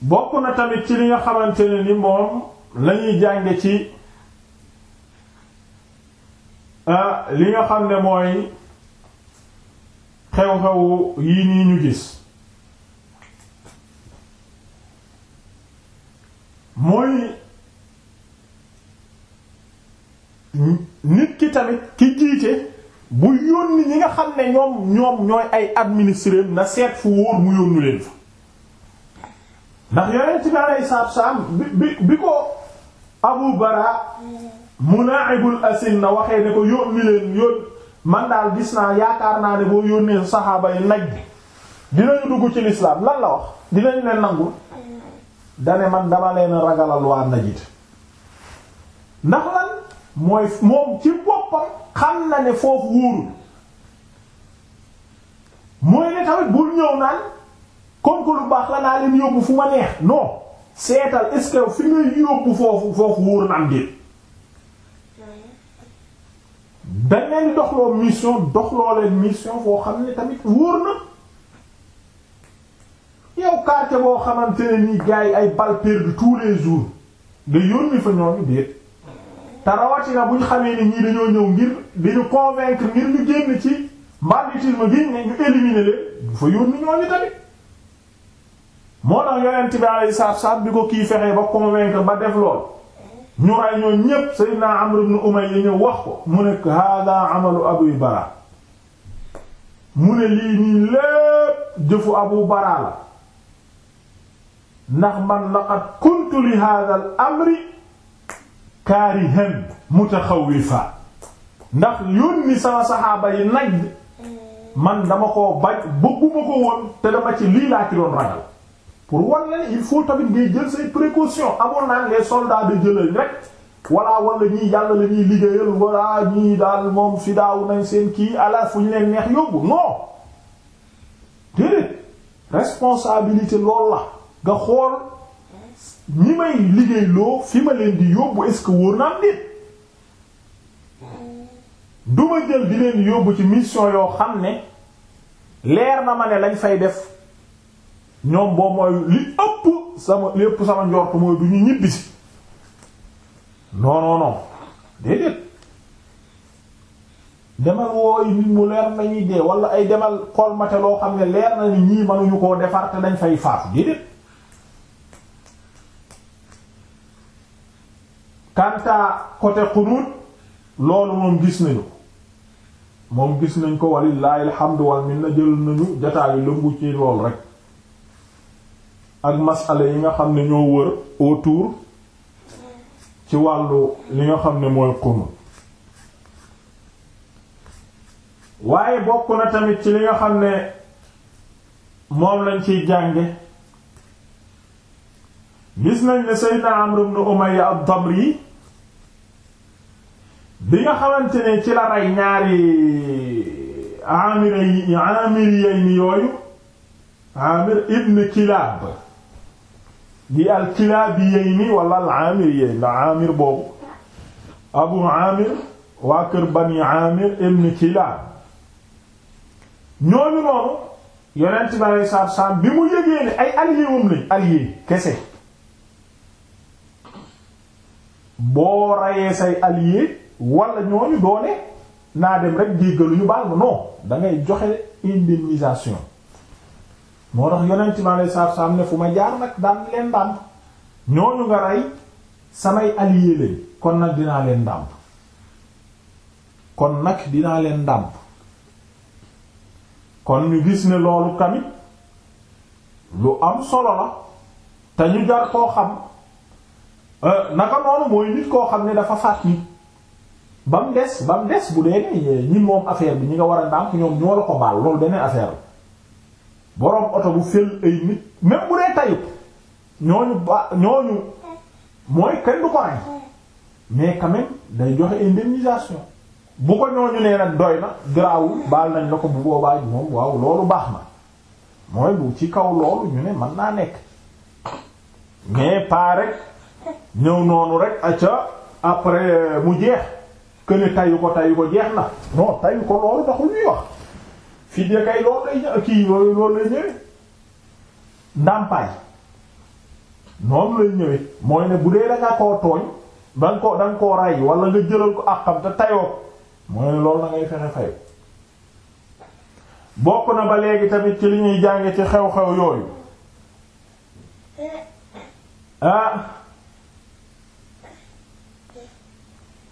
bokk na tamit ci li nga xamante ni moom lañuy jànge ci Euh, li nga xam ne mooy xew-xew yii nii ñu gis mooy nit ki tamit ki jiite bu yónni ñi nga xam ne ñoom ñoom ñooy ay na seet fu wóor mu yónnu fa ndax yonent bi aleyhi salaatu wa salaam bi bi ko Abu Bara munaa'ibul asinna waxee ne ko yónni leen yónni man daal gis naa yaakaar naa ne boo yónnee saxaaba yi naj bi dinañu dugg ci lislaam lan la wax dinañu leen nangul dane man dama leen ragalal waa najit ndax lan mooy moom ci boppam xam na ne foofu wóorul mooy ne tamit bul ñëw naan comme que lu baax la naa leen yóbbu fu ma neex non seetal est-ce que yóbbu foofu foofu wóor am déet beneen doxloo mission doxloo leen mission foo xam ne tamit wóor na yow quartier boo xamante ne nii gars yi ay balles perdues tous les jours nga yónni fa ñooñu déet te rawatina bu ñu xamee ni ñii dañoo ñëw ngir bi ñu convaincre ngir ñu génn ci banditisme bi ne ñu éliminer leen bu fa yónni ñooñu tamit. moo tax yonent bi alayhi salaatu bi ko kii fexee ba convaincre ba def lool. ñu ray ñoo ñépp Seydina Amr ibn Umayya ñëw wax ko mu ne hada amalu Abu Bara mu ne lii nii lépp jëfu Abu Bara ndax man laqad kuntu li hada al amri kaarihan mutaxawifa ndax yónni sama saxaaba yi naj man dama koo bañ bëgguma ko woon te dama ci lii laa ci doon pour wan la ne il faut tamit ngay jël say précautions amoon naa les soldats de jëlal rek walla wala ñii yàlla la ñuy liggéeyal walla ñii daal moom fi nañ seen kii ala fu ñu leen neex yóbbu non déedéet responsabilité lool la nga xool ma di yóbbu est-ce que wóor naa nit du jël di leen yóbbu ci mission yoo xam ne leer na ma ne lañ fay def ñoom boobu mooy li ëpp sama li ëpp sama njort mooy du ñu ñibbisi non non non demal wooy nit mu leer nañuy dee wala ay demal kolmate loo xam ne leer nañu ni ñii mënuñu koo defar te dañ fay faatu déedéet kanta côté xunuut loolu moom gis nañu moom gis nañ ko walilahi alhamdu wal minna jël nañu jataayu lëngu ci lool rek ak masale yi nga xam ne ñoo wër autour ci wàllu li nga xam ne mooy qunut waaye bokk na tamit ci li nga xam ne moom lañ ciy jànge gis nañ ne Seydina Amr ibn Umayya ad-Damri bi nga xamante ci la rey ñaari amir yi amir yay ni yooyu Amir ibn Kilab di al Kilaabiyayni wala al Aamiriyayni ndax Aamir boobu Abu Aamir waa kër Bani Aamir ibn Kilaab ñooñu noonu yonent bi alayhi salaatu bi mu yëgee ne ay allié wum lañ allié kese boo rayee say allié wala ñooñu doone naa dem rek déggaluñu baal ma non da joxe indemnisation moo tax yonent mi alayhi salaatu salaam ne fu ma jaar nag daan leen dàmp ñooñu nga rey samay allié lañ kon nag dinaa leen dàmp kon nag dinaa leen ndàmp kon ñu gis ne loolu tamit lu am solo la te ñu jar koo xam euh, naka noonu mooy nit koo xam ne dafa faat nit ba mu des ba mu des bu dee ñi moom affaire bi ñi nga war a ndàmp ñoom ñoo la ko baal loolu beneen affaire la boroom oto bu fel ay nit même bu dee tayut ñooñu ba ñooñu mooy kenn du ko rey mais quand day joxe indemnisation bu ko ñooñu nee nag doy na garaawul baal nañ la ko bu boobaa moom waaw loolu baax na mooy bu ci kaw loolu ñu ne mën naa nekk mais pas rek ñëw noonu rek acca après mu jeex que ne tayu ko tayu ko jeex na non tayu ko loolu taxul ñuy wax fidya kay loolu lay ñëw kii loolu lay ñëwee ndàmpaay noonu lay ñëwee mooy ne bu dee da koo tooñ da koo da koo rey wala nga jëlal ko àqam te tayoo mooy ne loolu da ngay fexe bokk na ba léegi tamit ci li ñuy jànge ci xew-xew yooyu ah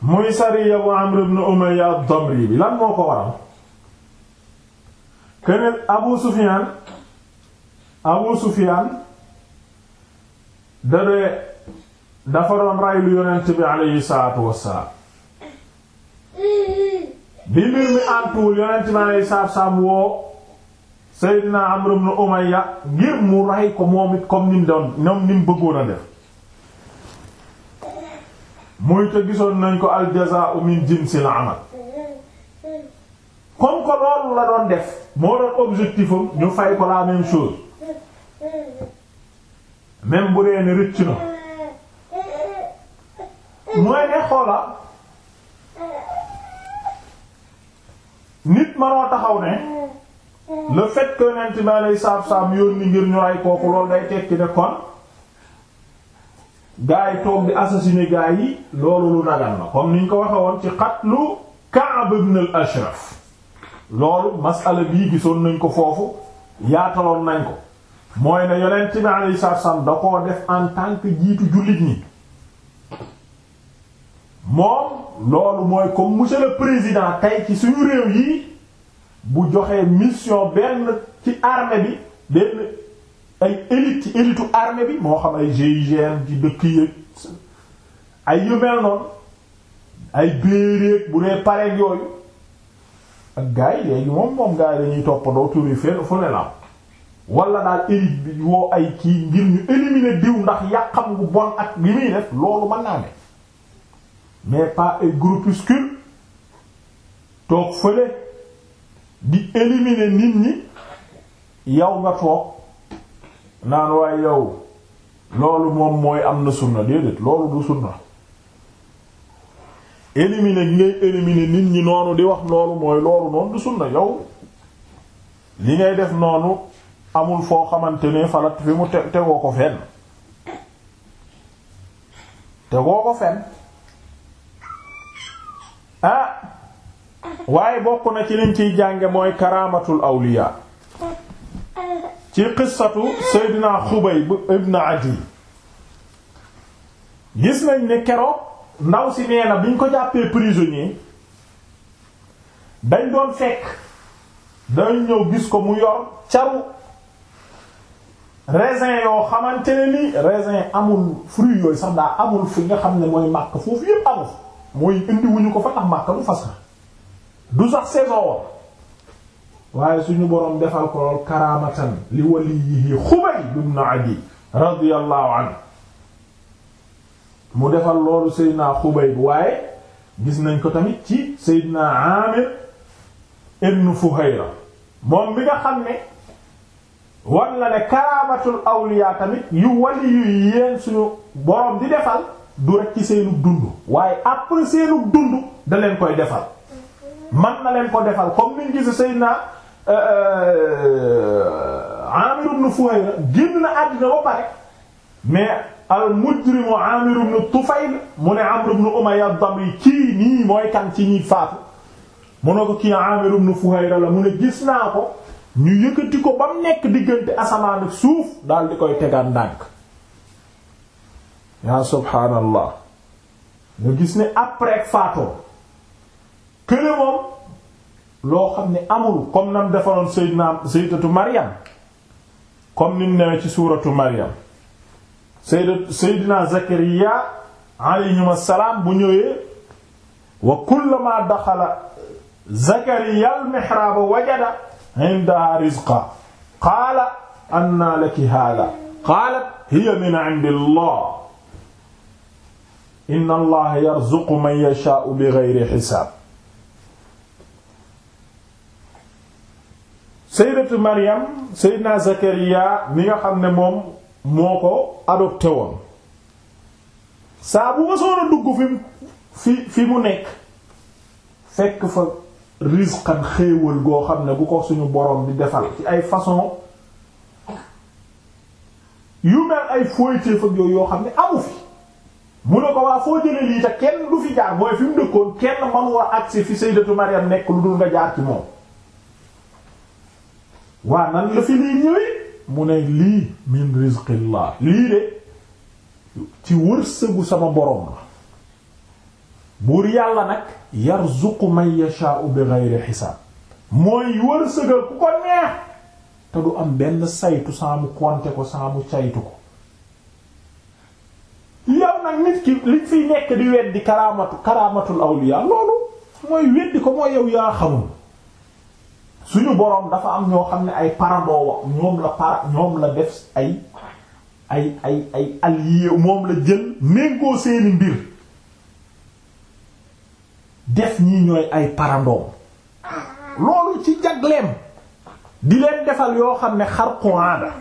muy sariya bu Amr ibn Umayya ad-Damri bi lan moo ko waral keneen Abu Sufyan Abu Sufyan da dee dafa doon rey lu yonent bi aleyhi salaatu wassalaam bi mbir mi àntuwul yonent bi aleyhi salaatu wassalaam woo Seydina Amr ibn Umayya ngir mu rey ko moom it comme ni doon ñoom ni mu def muy te gisoon nañ ko al jazaa'u min jinsil amal comme que loolu la doon def moo doon objectif am ñu fay ko la même chose même bu dee ne rëcc na mooy ne xoola nit manoo taxaw ne le fait que yonent bi alayhi salaatu salaam yónni ngir ñu rey kooku loolu day tekki ne kon gaa toog di assassiné gaa yi loolu lu dagan la comme ni ko waxe woon ci qatlu Ka'b ibn al-Ashraf loolu masala bii gisoon nañ ko foofu yaataloon nañ ko mooy ne yonent bi alayhi salaatu da koo def en tant que jiitu jullit ñi moom loolu mooy comme monsieur le président tey ci suñu réew yi bu joxee mission benn ci armée bi benn ay élite ci élitu armée bi moo xam ay GIGN ci dëkk yi ay yu ay béeréeg bu dee pareeg yooyu ak gars yi moom moom gars yi dañuy toppandoo tur yi fenn fu ne la wala daal élite bi woo ay kii ngir ñu éliminer diw ndax yàqam bu bon ak li muy def loolu mën naa ne mais pas ay groupuscule toog fële di éliminer nit ñi yow nga toog naan waaye yow loolu moom mooy am na sunna déedéet loolu du sunna éliminer gi ngay éliminer nit ñi noonu di wax loolu mooy loolu noonu du sunna yow li ngay def noonu amul foo xamante ne falat fi mu tegoo ko fenn tegoo ko fenn ah waaye bokk na ci liñ ciy jànge mooy karamatul awliya ci qissatu Seydina Xubayb ibn Adi gis nañ ne keroog ndaw si nee na bi ko jàppee prisonnier dañ doon fekk dañ ñëw gis ko mu yor caru raisin yoo xamante ne ni raisin amul fruit yooyu sax daa amul fi nga xam ne mooy màkk foofu yépp amul mooy indi wuñu ko fa tax màkk bu fas du sax saison woon waaye suñu boroom defal ko lool karaamatan li waliyihi Xubayb ibn Adi radiyallahu anhu mu defal loolu Seydina Xubayb waaye gis nañ ko tamit ci Seydina Amir ibn Fuhayra moom bi nga xam ne war na karaamatul awliya tamit yu wali yu yeen suñu borom di defal du rek ci seenu dund waaye après seenu dund da koy defal man na leen ko defal comme niñ gis Seydina euh, euh, Amir ibn Fuhayra génn na àddina ba pare mais al mujrimu Amir ibn Tufayl mu ne Amr ibn Umayya ad-Damri kii nii mooy kan ci ñi faatu mu ne ko kii Amir ibn Fuhayra la mu ne gis naa ko ñu yëkkati ko ba mu nekk diggante asamaan suuf daal di koy tegaan ndànk yaa subhaanallah nga gis ne après faatoo kële loo xam ne amul comme nam defaroon sayyidna sayyidatu Maryam comme ni mu ci suuratu Maryam sayyidat sayyidina Zakariya alayhim assalaam bu ñëwee wa kullama daxala Zakariya al-mihraaba wajada indahaa rizqan qaala annaa laki haadhaa qaalat hiya min indi llah inna allaha yarzuqu man yashaa'u bighayri hisaab sayyidatu Maryam sayyidina Zakariya mi nga xam ne moom moo ko adopté woon saa bu masoon a dugg fi fi fi mu nekk fekk fa rizqan xéewal goo xam ne bu ko suñu borom bi defal ci ay façon yu mel ay fooyteef ak yooyu yoo xam ne amu fi mu ne ko waa foo jëlee lii te kenn du fi jaar mooy fi mu dëkkoon kenn manu waa agsi fi sayyidatu Maryam nekk lu dul nga jaar ci moom waa nan la fi lii ñëwee mu ne lii min rizqillah lii de ci wërsëgu sama borom la buur yàlla nag yarzuqu man yashaa'u bi ghayri xisaab mooy wërsëgal ku ko neex te du am benn saytu saa mu ko saa saytu ko yow nag nit ki liñ fiy nekk di weddi karaamatu karaamatul awliya loolu mooy weddi ko mooy yow yaa xamul suñu boroom dafa am ñoo xam ne ay parandoo moom la para ñoom la def ay ay ay ay allié moom la jël méngoo seeni mbir def ñi ñooy ay parandoom loolu ci jagleem di leen defal yoo xam ne xar quanda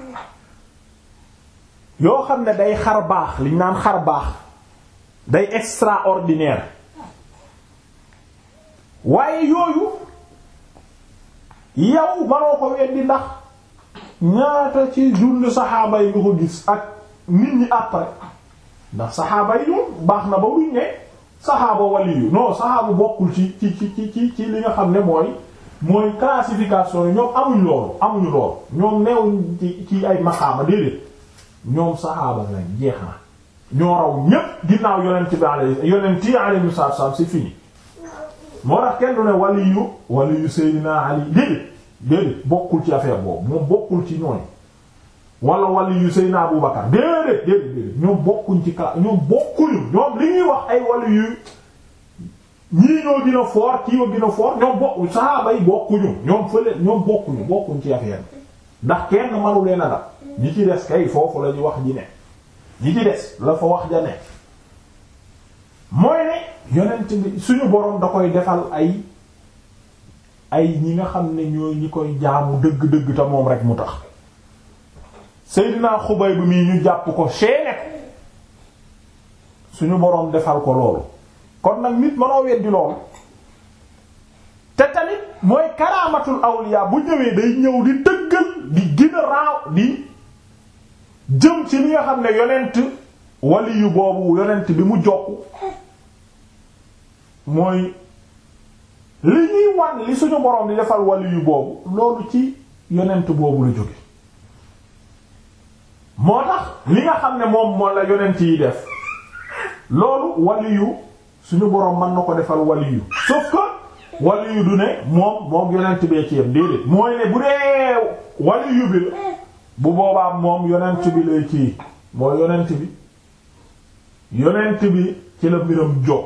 yoo xam ne day xar baax liñ naan xar baax day extraordinaire waaye yooyu yow manoo ko weddi ndax ñaata ci junni saxaaba yi nga ko gis ak nit ñi après ndax saxaaba yi ñoom baax na ba buñ ne saxaaba waliyu non saxaaba bokkul ci ci ci ci ci li nga xam ne mooy mooy classification yi ñoom amuñ loolu amuñu loolu ñoom neewuñ ci ay maxaama déedéet ñoom saxaaba lañ jeex na ñoo raw ñépp ginnaaw yonent bi alayhi yonent yi alayhi salaam c'est fini moo tax kenn du ne waliyu waliyu Seydina Ali déedéet déedéet bokkul ci affaire boobu moom bokkul ci ñooñ wala waliyu Seydina Abu Bakar déedéet déedéet déedéet ñoom bokkuñ ci kala ñoom bokkuñu ñoom li ñuy wax ay waliyu ñii ñoo gën a fort kii ñoo gën ñoom bokk saxaaba yi bokkuñu ñoom fële ñoom bokkuñu bokkuñ ci affaire ndax kenn manu leen a la ñi ci des kay foofu la ñu wax ji ne ñi ci des la fa wax ja ne mooy ne yonent suñu boroom da koy defal ay ay ñi nga xam ne ñooy ñi koy jaamu dëgg-dëgg te moom rek mu tax Seydina Xubayb bi mii ñu jàpp ko seene ko suñu boroom defal ko loolu kon nag nit mënoo weddi loolu te tamit mooy karaamatul awliya bu ñëwee day ñëw di dëggal di gën raaw di jëm ci li nga xam ne yonent waliyu boobu yonent bi mu jox mooy li ñuy wan li suñu boroom di defal waliyu boobu loolu ci yonent boobu la jóge moo tax li nga xam ne moom moo la yonent yi def loolu waliyu suñu boroom man na ko defal waliyu sauf que waliyu du ne moom moom yonent bee ci yem déedéet mooy ne bu dee waliyu bi bu boobaa moom yonent bi lay kii mooy yonent bi yonent bi ci la mbiram jokk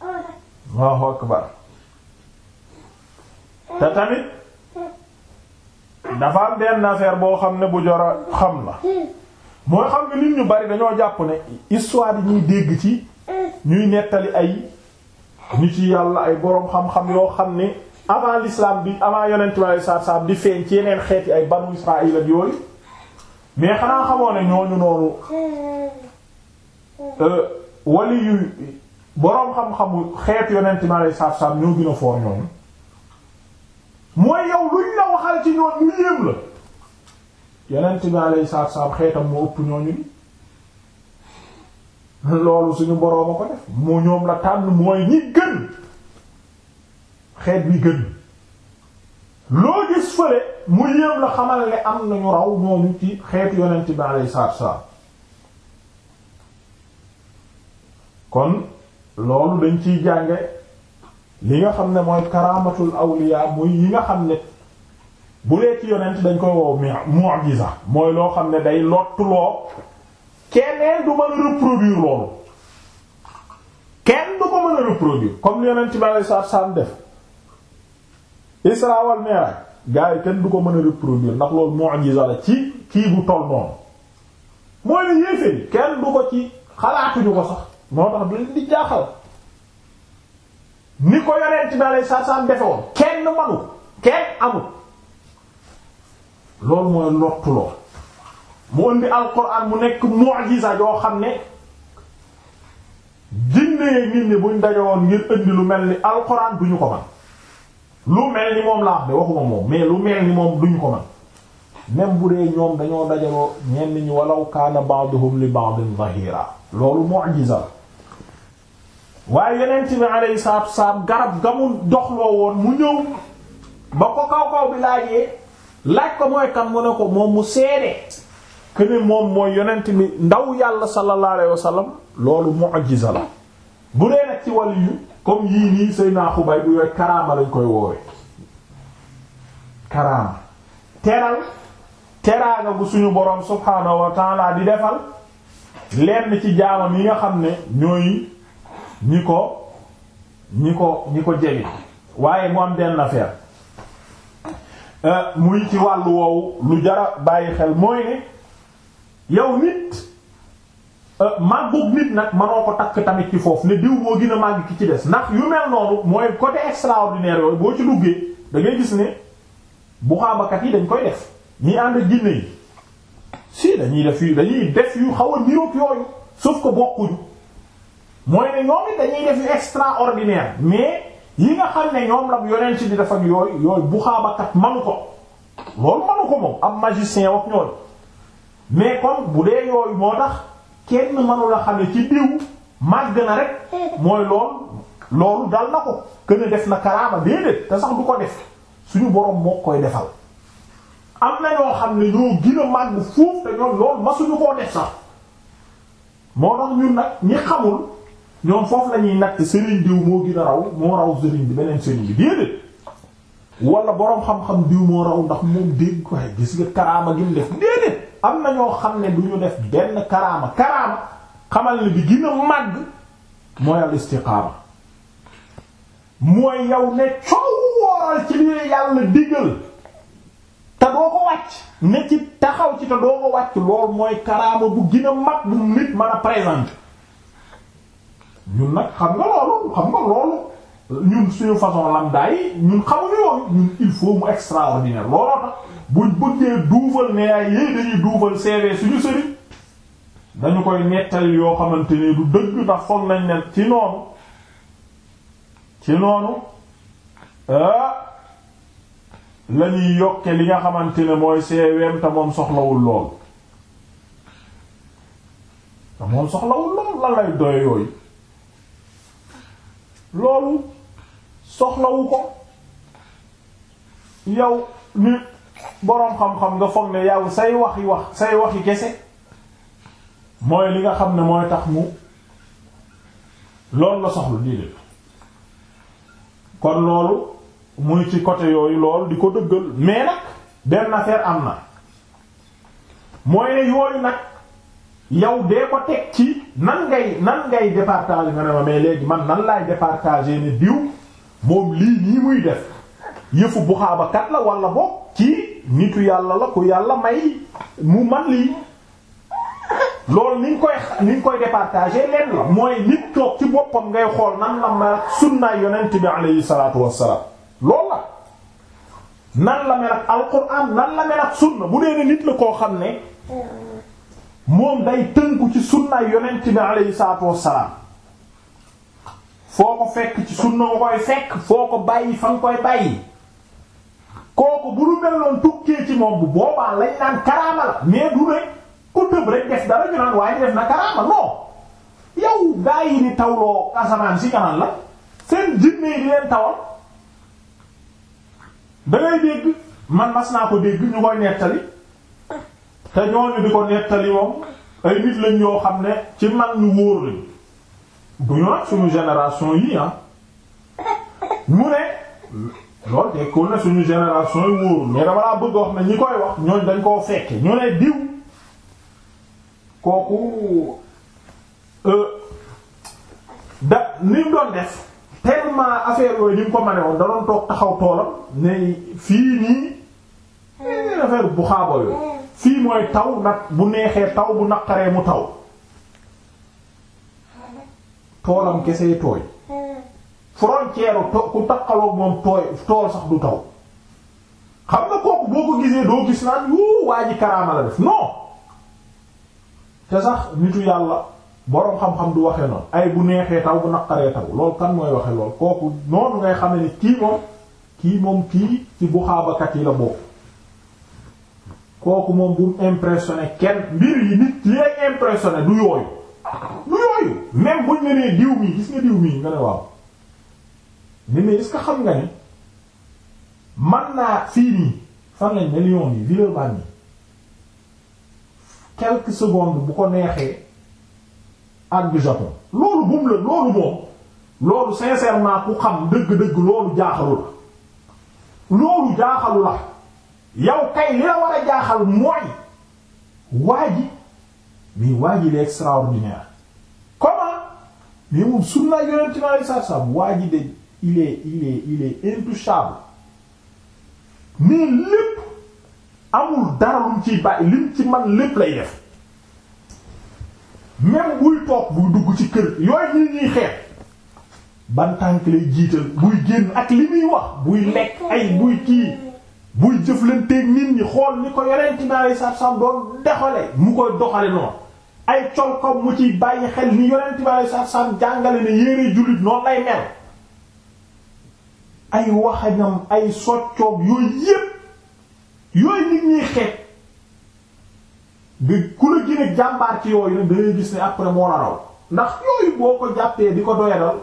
Allahu akbar te tamit dafa am benn affaire boo xam ne bu jora xam la mooy xam nga nit ñu bari dañoo jàpp ne histoire yi ñuy dégg ci ñuy nettali ay nit ci yàlla ay boroom xam-xam yoo xam ni avant l'islam bi avant yonent bi sallallahu alayhi wasallam di feeñ ci yeneen xeeti ay banu Israël ak yooyu mais xanaa xamoo ne ñooñu noonu euh, wali yu boroom xam-xamu xeet yonent mi alayhi salaatu salaam ñoo gën foor ñoom mooy yow luñ la waxal ci ñoom lu yéem la yonent mi alayhi salaatu xeetam moo ëpp ñooñu ni loolu suñu boroom ko def mu ñoom la tànn mooy ñi gën xeet bi gën loo gis fële mu yéem la xamal ne am nañu raw ñooñu ci xeetu yonent bi alayhi salaatu salaam kon loolu dañ ciy jànge li nga xam ne mooy karamatul awliya muy yi nga xam ne bu dee ci yonent dañ koy wow mu'jiza mooy loo xam ne day lottuloo keneen du mën a reproduire loolu kenn du ko mën a reproduire comme yonent bi def Isra wal Mi'raj gars yi kenn du ko mën a reproduire ndax loolu mu'jiza la ci kii bu toll noonu mooy ne yéefee kenn du ko ci xalaatuñu ko sax moo tax du leen di jaaxal ni ko yonent bi alayhi salaam defe woon kenn manu kenn amul loolu mooy lottu lool mu indi alquran mu nekk mu'jiza yoo xam ne jinne nit ñi buñ dajewoon ngir indi lu mel ni alquran duñu ko man lu mel ni moom laax de waxuma moom mais lu mel ni moom duñ ko man même bu dee ñoom dañoo dajaloo ñenn ñi walaw kaana ba'duhum li ba'din zahira loolu bi alayhi salaatu wasalaam garab ga mu doxloo woon mu ñëw ba ko kaw kaw bi laajee laaj ko mooy kan mu ne ko moom mu seede këne moom mooy yonent bi ndaw yàlla sallallahu alayhi wasallam loolu mu'jiza la bu dee nag ci wàllu comme yii nii sëy naa xubay bu yooyu karaama lañ koy woowe karaama teral teraanga bu suñu boroom subhaanahu wa di defal lenn ci jaamam yi nga xam ne ñooy ñi ko ñi ko ñi ko jege waaye mu am benn affaire euh, muy ci wàllu woowu lu jara bàyyi xel mooy ne yow nit Euh, màggug nit nag manoo ko takk tamit ci foofu ne diw moo gën a ki ci des ndax yu mel noonu mooy côté extraordinaire yooyu boo ci duggee da ngay gis ne bu xaabakat yi dañ koy def ñiy ànd dañuy def yu dañuy def yu xaw a niroog yooyu sauf que bokkuñu mooy ne ñoom it dañuy def yu extraordinaire mais yi nga xam ne ñoom la yonent ci di def ak yooyu yooyu bu xaabakat manu ko loolu manu ko moom am magicien wax ñooñu mais comme bu dee yooyu moo tax. kenn mënula xam ne ci diw màgg na rek mooy loolu dal na ko kën a def na karaama déedéet te sax du ko def suñu borom moo koy defal am na ñoo xam ne ñoo gën a màgg foofu te ñoom loolu masuñu koo def sax moo tax ñun nag ñi xamul ñoom foofu la ñuy natt sëriñ diw moo gën a raw moo raw sëriñ bi beneen sëriñ bi déedéet wala boroom xam-xam diw moo raw ndax moom dégg ko gis nga karaama gi mu def déedéet am na ñoo xam ne du ñu def benn karaama karaama xamal ne bi gën a màgg mooy al istiqaama mooy yow ne coow wooral ci li yàlla digal te doo ko wàcc ne ci taxaw ci te doo ko wàcc lool mooy karaama bu gën a mag bu nit mën a présenter ñun nag xam nga loolu xam nga loolu ñun suñu façon lambda yi ñun xamuñu woon ñun il faut mu extraordinaire looloo tax buñ bëggee duufal ne ay yéy dañuy duufal CV suñu sëriñ dañu koy nettali yoo xamante ni du dëgg ndax foog nañ ne ci noonu ci noonu ah, la ñuy yokke li nga xamante ne mooy CVM te moom soxlawul lool te moom soxlawul lool lan lay doy yooyu loolu soxlawu ko yow ni boroom xam-xam nga foog ne yow say waxi wax say wax yi kese mooy li nga xam ne mooy tax mu loolu la soxla diine kon loolu muy ci côté yooyu lool di ko dëggal mais nag benn affaire am na mooy ne yooyu nag yow dee ko teg ci nan ngay nan ngay départager nga ne ma mais léegi man nan laay départager ni diw moom lii nii muy def yëfu bu xaabakat la wala boog ci nitu yàlla la ku yàlla may mu man lii lool ni nga koy ni koy départager leen la mooy nit toog ci boppam ngay xool nan la ma sunnaay yonent bi alayhi salaatu wassalaam loolu la nan la mel ak alquran nan la mel ak sunna bu dee ne nit la koo xam ne moom day tënku ci sunnaay yonent bi alayhi salaatu wassalaam foo ko fekk ci sunna koy fekk foo ko bàyyi fa nga koy bàyyi kooku bu lu mel noonu tukkee ci moom bu boobaa lañ naan karaama la mais du ne ku tëb rek def dara ñu naan waaye def na karaama non yow gaa yi ni tawloo asamaan si kanam la seen jinne yi di leen tawal da dégg man mas naa ko dégg ñu koy nettali te ñooñu di ko nettali moom ay nit lañ ñoo xam ne ci man ñu wóor li bu ñu nag suñu génération yi ah mu ne loolu tekkul ne suñu génération yi wóorul mais dama ñi koy wax ñooñ dañ koo fekke ñu ne diw kooku euh, da ni doon def tellement affaire yooyu ni mu ko mane woon da doon toog taxaw toolam ne fii nii eh, affaire bu xaaba yooyu fii mooy taw nag bu neexee taw bu naqaree mu taw toolam kesee tooy frontière ku takkaloog moom tooy tool sax du taw xam nga kooku boo ko gisee doo gis naan yu waa karaama la def non te sax nitu yàlla boroom xam-xam du waxe noonu ay bu neexee taw bu naqaree taw loolu kan mooy waxe lool kooku noonu ngay xam ne kii moom kii moom kii ci buxaabakat yi la bokk kooku moom bu mu impressionné mbir yi nit yi lay impressionné du yooyu du yooyu même buñ ne nee diw mii gis nga diw mii nga ne waaw ne mais est-ce que xam nga ni man naa fii nii fan lañ ne Lyon yi Villeurbanne yi quelques secondes bu ko neexee ak Japon loolu bum la loolu moom loolu sincèrement ku xam dëgg-dëgg loolu jaaxalu la loolu jaaxalu la yow kay li la war a jaaxal mooy waa ji mais waa ji l'extraordinaire comment mais moom sunna yonent mi alei satu selaam waa ji de il est il est il est lépp amul dara lu mu ciy bàyyi ci man lépp lay def même buy toog buy dugg ci kër yooyu ñi ñuy xeet ban tànk lay jiital buy génn ak li muy wax buy lekk ay buy kii buy jëflanteeg nit ñi xool ni ko yonent bi alayhi salaatu salaam doxale mu koy doxale noonu ay col ko mu ci bàyyi xel ni yonent bi alayhi salaatu salaam jàngale ne yére jullit noonu lay mel ay waxañam ay soccoog yooyu yépp yooyu nit ñuy xeet ku la gën a jàmbaar ci yooyu nag dangay gis ne après moo la raw ndax yooyu boo ko jàppee di ko doyalal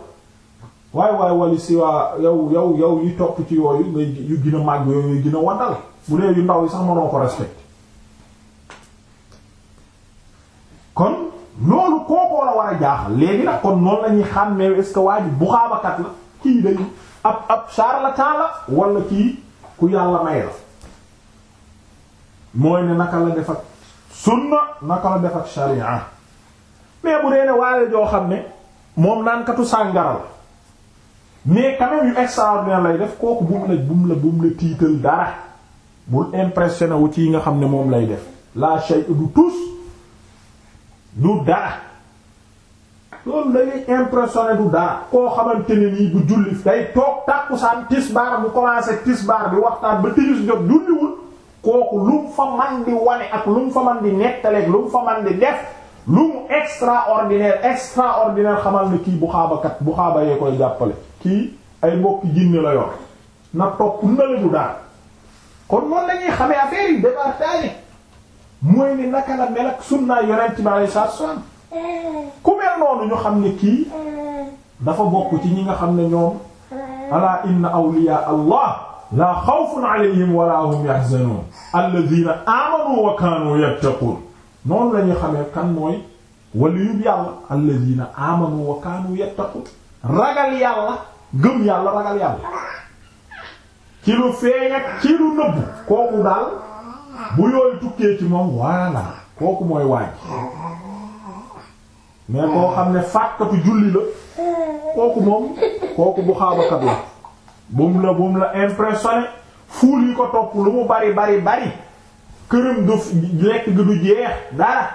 waay waay wali siwaa yow yow yow yi topp ci yooyu ngay yu gën a yooyu gën a wandal bu dee yu ndaw yi sax mënoo ko respecté kon loolu kookoo la war a jaaxal léegi nag kon noonu la ñuy xàmmee est ce que waa bu buxaabakat la kii day ab ab charlatan la wala kii ku yàlla may la mooy ne naka la def sunna naka la def ak mais bu dee ne waaye joo xam ne moom naankatu sàngara la mais quand même yu extraordinaire lay def kooku bu mu la bu mu la bu mu la tiital dara bul impressionné wu ci yi nga xam ne moom lay def la shay du tus du dara loolu dañuy impressionné du dara koo xamante ne nii bu julli day toog tàkkusaan tisbaar bu commencé tisbaar bi waxtaan ba timis jot julliwul kooku lu mu fa man di wane ak lu mu fa man di nettaleeg lu mu fa man di def lu mu extraordinaire extraordinaire xamal ne kii bu xaabakat bu xaaba yee koy jàppale kii ay mbokk jinne la yor na topp nale du daal kon noonu lañuy xamee affaire yi départage mooy ni naka la mel ak sunna bi alayhi salaatu wasallam ku mel noonu ñu xam ne kii dafa bokk ci ñi nga xam ne ñoom ala inna awliya allah la xawfun alayhim wala hum yahzanun alladhina amanu wa kanu yattaqun noonu la xamee kan mooy waliyu yàlla alladhina amanu wa kanu yattaqun ragal yàlla gëm yàlla ragal yàlla ci lu feeñ ak ci lu nëbbu kooku daal bu yooyu tukkee ci moom voilà kooku mooy waaj mais koo xam ne fàkkatu julli la kooku moom kooku bu xaabakat la bum la bum la impressionné fuul yi ko topp lu mu bari bari bari këram du lekk gi du jeex dara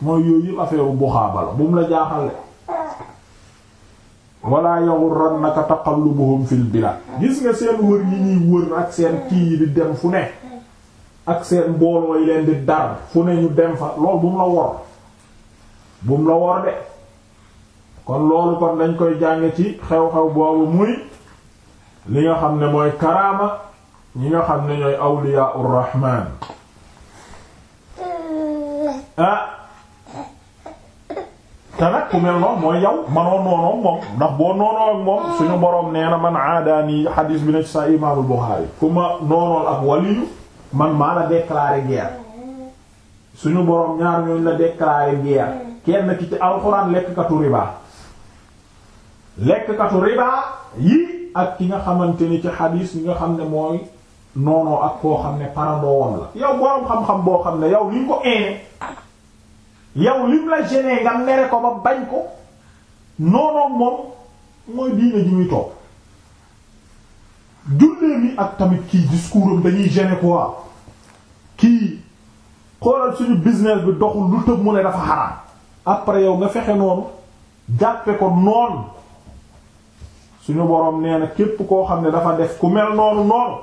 mooy yooyu yëpp affaire bu xaaba la bum la wala yaghurrannaka taqallubuhum fil bilad gis nga seen wër yi ñuy wër ak seen kii yi di dem fu ne ak seen mbooloo yi leen di dar fu ne ñu dem fa loolu bu la wor bu la wor de kon loolu kon dañ koy jànge ci xew-xew boobu muy li nga xam ne mooy karaama ñi nga xam ne ñooy awliyaa ur te nag ku mel noonu mooy yow manoo noonoo moom ndax boo noonoo ak moom suñu boroom nee na man aadaani xadiis bi ne ci sa imaamul Buxaari ku ma noonoon ak waliyu man maa la déclaré guerre suñu boroom ñaar ñooñu la déclaré guerre kenn ki ci alxuraan lekkkatu riba lekkkatu riba yi ak ki nga xamante ni ci xadiis yi nga xam ne mooy noonoo ak koo xam ne parandoo woon la yow boroom xam-xam boo xam ne yow liñ ko eene yow lim la gêné nga mere ko ba bañ ko noonoom moom mooy diine ji muy topp jullee mi ak tamit kii discours am dañuy gêné quoi kii xoolal suñu business bi doxul lu tëb mu ne dafa xaraam après yow nga fexe noonu jàppe ko noonu suñu boroom nee na képp koo xam ne dafa def ku mel noonu noonu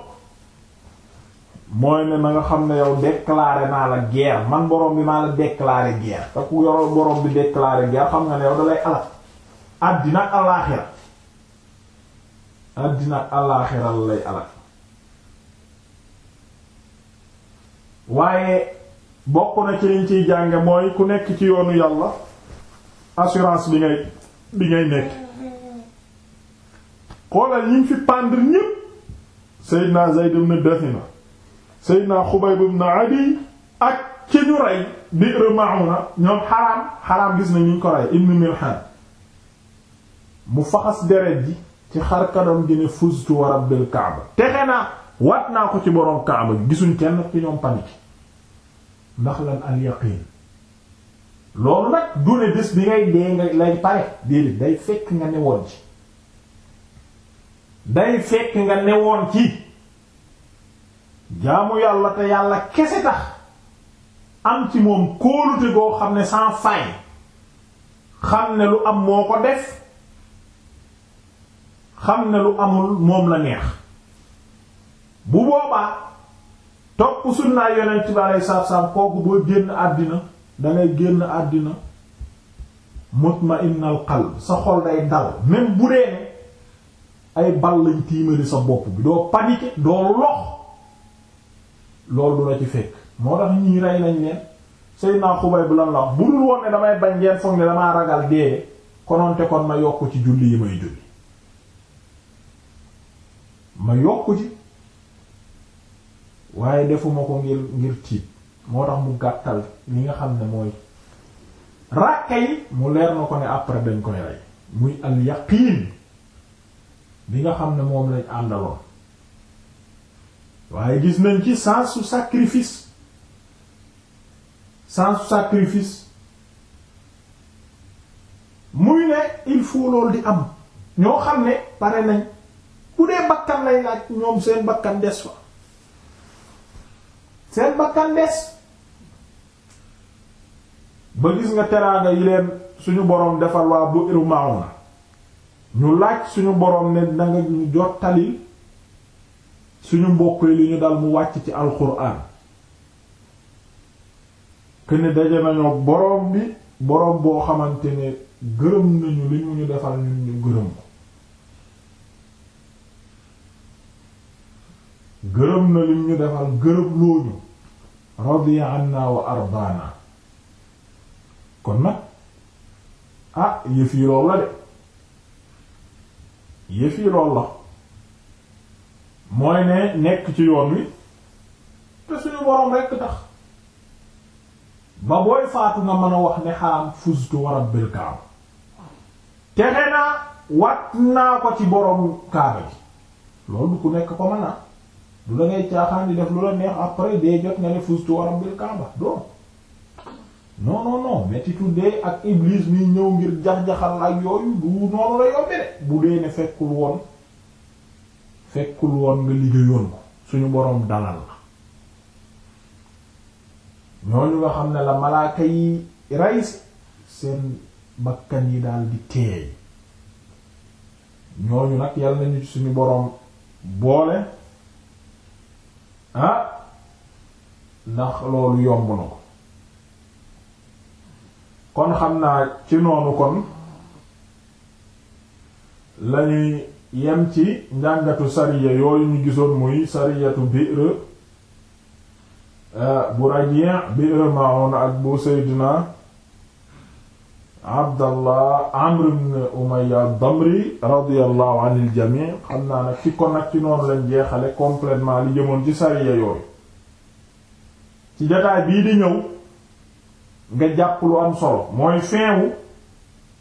mooy ne na nga xam ne yow déclaré naa la guerre man boroom bi maa la déclaré guerre te ku yoroo borom bi déclaré guerre xam nga ne yow dalay alal àddina ak alaaxira àddina alaaxira la alal waaye bokk na ci liñ ciy jànge mooy ku nekk ci yoonu yàlla assurance bi ngay bi ngay nekk xoolal ñi fi pendre ñépp Seydina Zayd ibn Dathina Seydina Xubayb ibn Adi ak ci ñu rey Bi'r Ma'una ñoom xaraam xaraam gis na ñu ko rey ibn Milhan mu faxas deret ji ci xar kanam gi ne fuztu wa rabbil Kaaba texe naa waat naa ko ci boroom Kaaba gi gisuñ kenn ci ñoom panique ndax lan al loolu nag du ne bés bi ngay dee nga lay pare déedéet day fekk nga newoon ci day fekk nga newoon ci jaamu yàlla te yàlla kese tax am ci moom kóolute goo xam ne sans faille xam ne lu am moo ko def xam ne lu amul moom la neex bu boobaa topp sunnaa yonent bi alayhi salaatu salaam kooku boo génn àddina dangay génn àddina mutma'innal qalb sa xol day dal même bu dee ay bal lañ tiimali sa bopp bi doo paniquer doo lox loolu du la ci fekk moo tax ñii rey nañ leen Seydina Xubay bu lan la bu dul woon ne damay bañ ngeen foog ne damaa ragal dee kononte kon ma yokk ci julli yi may julli ma yokk ci waaye defuma ko ngir ngir tiit moo tax mu gàttal li nga xam ne mooy ràkka yi mu leer na ko ne après dañ koy rey muy al yaqiin nga xam ne moom lañ àndaloon waaye gis nañ ci sens su sacrifice sens su sacrifice muy ne il faut loolu di am ñoo xam ne pare nañ bu dee bakkan lay laaj ñoom seen bakkan des fa seen bakkan des ba gis nga teraanga yi leen suñu boroom defal waa bu iru na ñu laaj suñu boroom ne na nga ñu jottalil suñu mbokk yi li ñu dal mu wàcc ci alxuraan këni daje nañoo boroom bi boroom boo xamante ne gërëm nañu li ñu defal ñun ñu gërëm ko gërëm na li ñu defal gërëm looñu radiya anna wa ardaana kon nag ah yëf yi lool la de yëf la mooy ne nekk ci yoon wi te suñu boroom rekk tax ba booy faatu nga mën a wax ne xaram fuztu wa rabbil kaaba texe naa wat naa ko ci boroom kaaba bi loolu du ku nekk ko mën naa du la caaxaan di def lu la neex après dee jot nga ne fuztu wa rabbil kaaba doon non ñëw ngir jax-jaxal ak yooyu noonu la yombi bu dee ne fekkul woon fekkul woon nga liggéeyoon ko suñu boroom dalal la ñooñu nga xam ne la malaaka yi rey seen bakkan yi daal di teey ñooñu nag yàlla nañu suñu boroom boole ah ndax loolu yomb na ko kon xam naa ci noonu kon lañuy yem ci njàngatu sariya yooyu ñu gisoon muy sariyatu bi'r eh, bu Raji' bi'r Ma'un ak bu Seydina Abdallah Amr ibn Umayya Damri radiyallahu anil jami' xam naa nag ci kon nag ci noonu lañ jeexale complètement li jëmoon ci sariya yooyu ci jotaay bii di ñëw nga jàpp lu am solo mooy feewu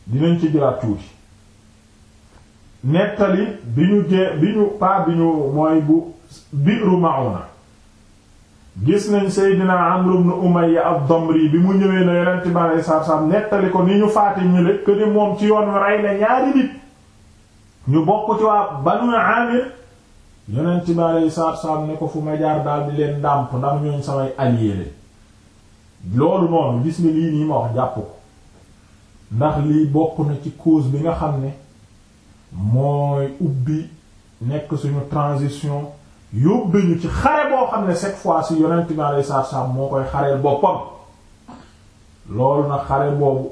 dinañ ci jëlaat tuuti nettali bi ñu jee bi ñu paa bi ñu mooy bu biiru Mauna gis nañ Seydina Amr ibn Umayya ad-Damri bi mu ñëwee na Yonent bi alayhi salaatu ni ñu faati ñële moom ci yoon wi rey na ñaari nit ñu bokk ci waa Banu Amir Yonent bi alayhi salaatu salaam ne ko fu ma jaar daal di leen ndàmp ndax ñooñ samay alliés loolu noonu gis nga lii nii ma wax jàpp ko ndax lii bokk na ci cause bi nga xam ne mooy ubbi nekk suñu transition yóbbe ñu ci xare boo xam ne cette fois ci yonent bi alayhi salaatu salaam moo koy xareel boppam loolu nag xare boobu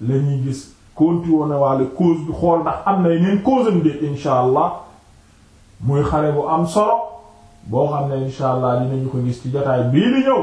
la ñuy gis continué waale cause bi xool ndax am na yeneen cause am de insha allah muy xare bu am solo boo xam ne insha allah dinañu ko gis ci jotaay bii di ñëw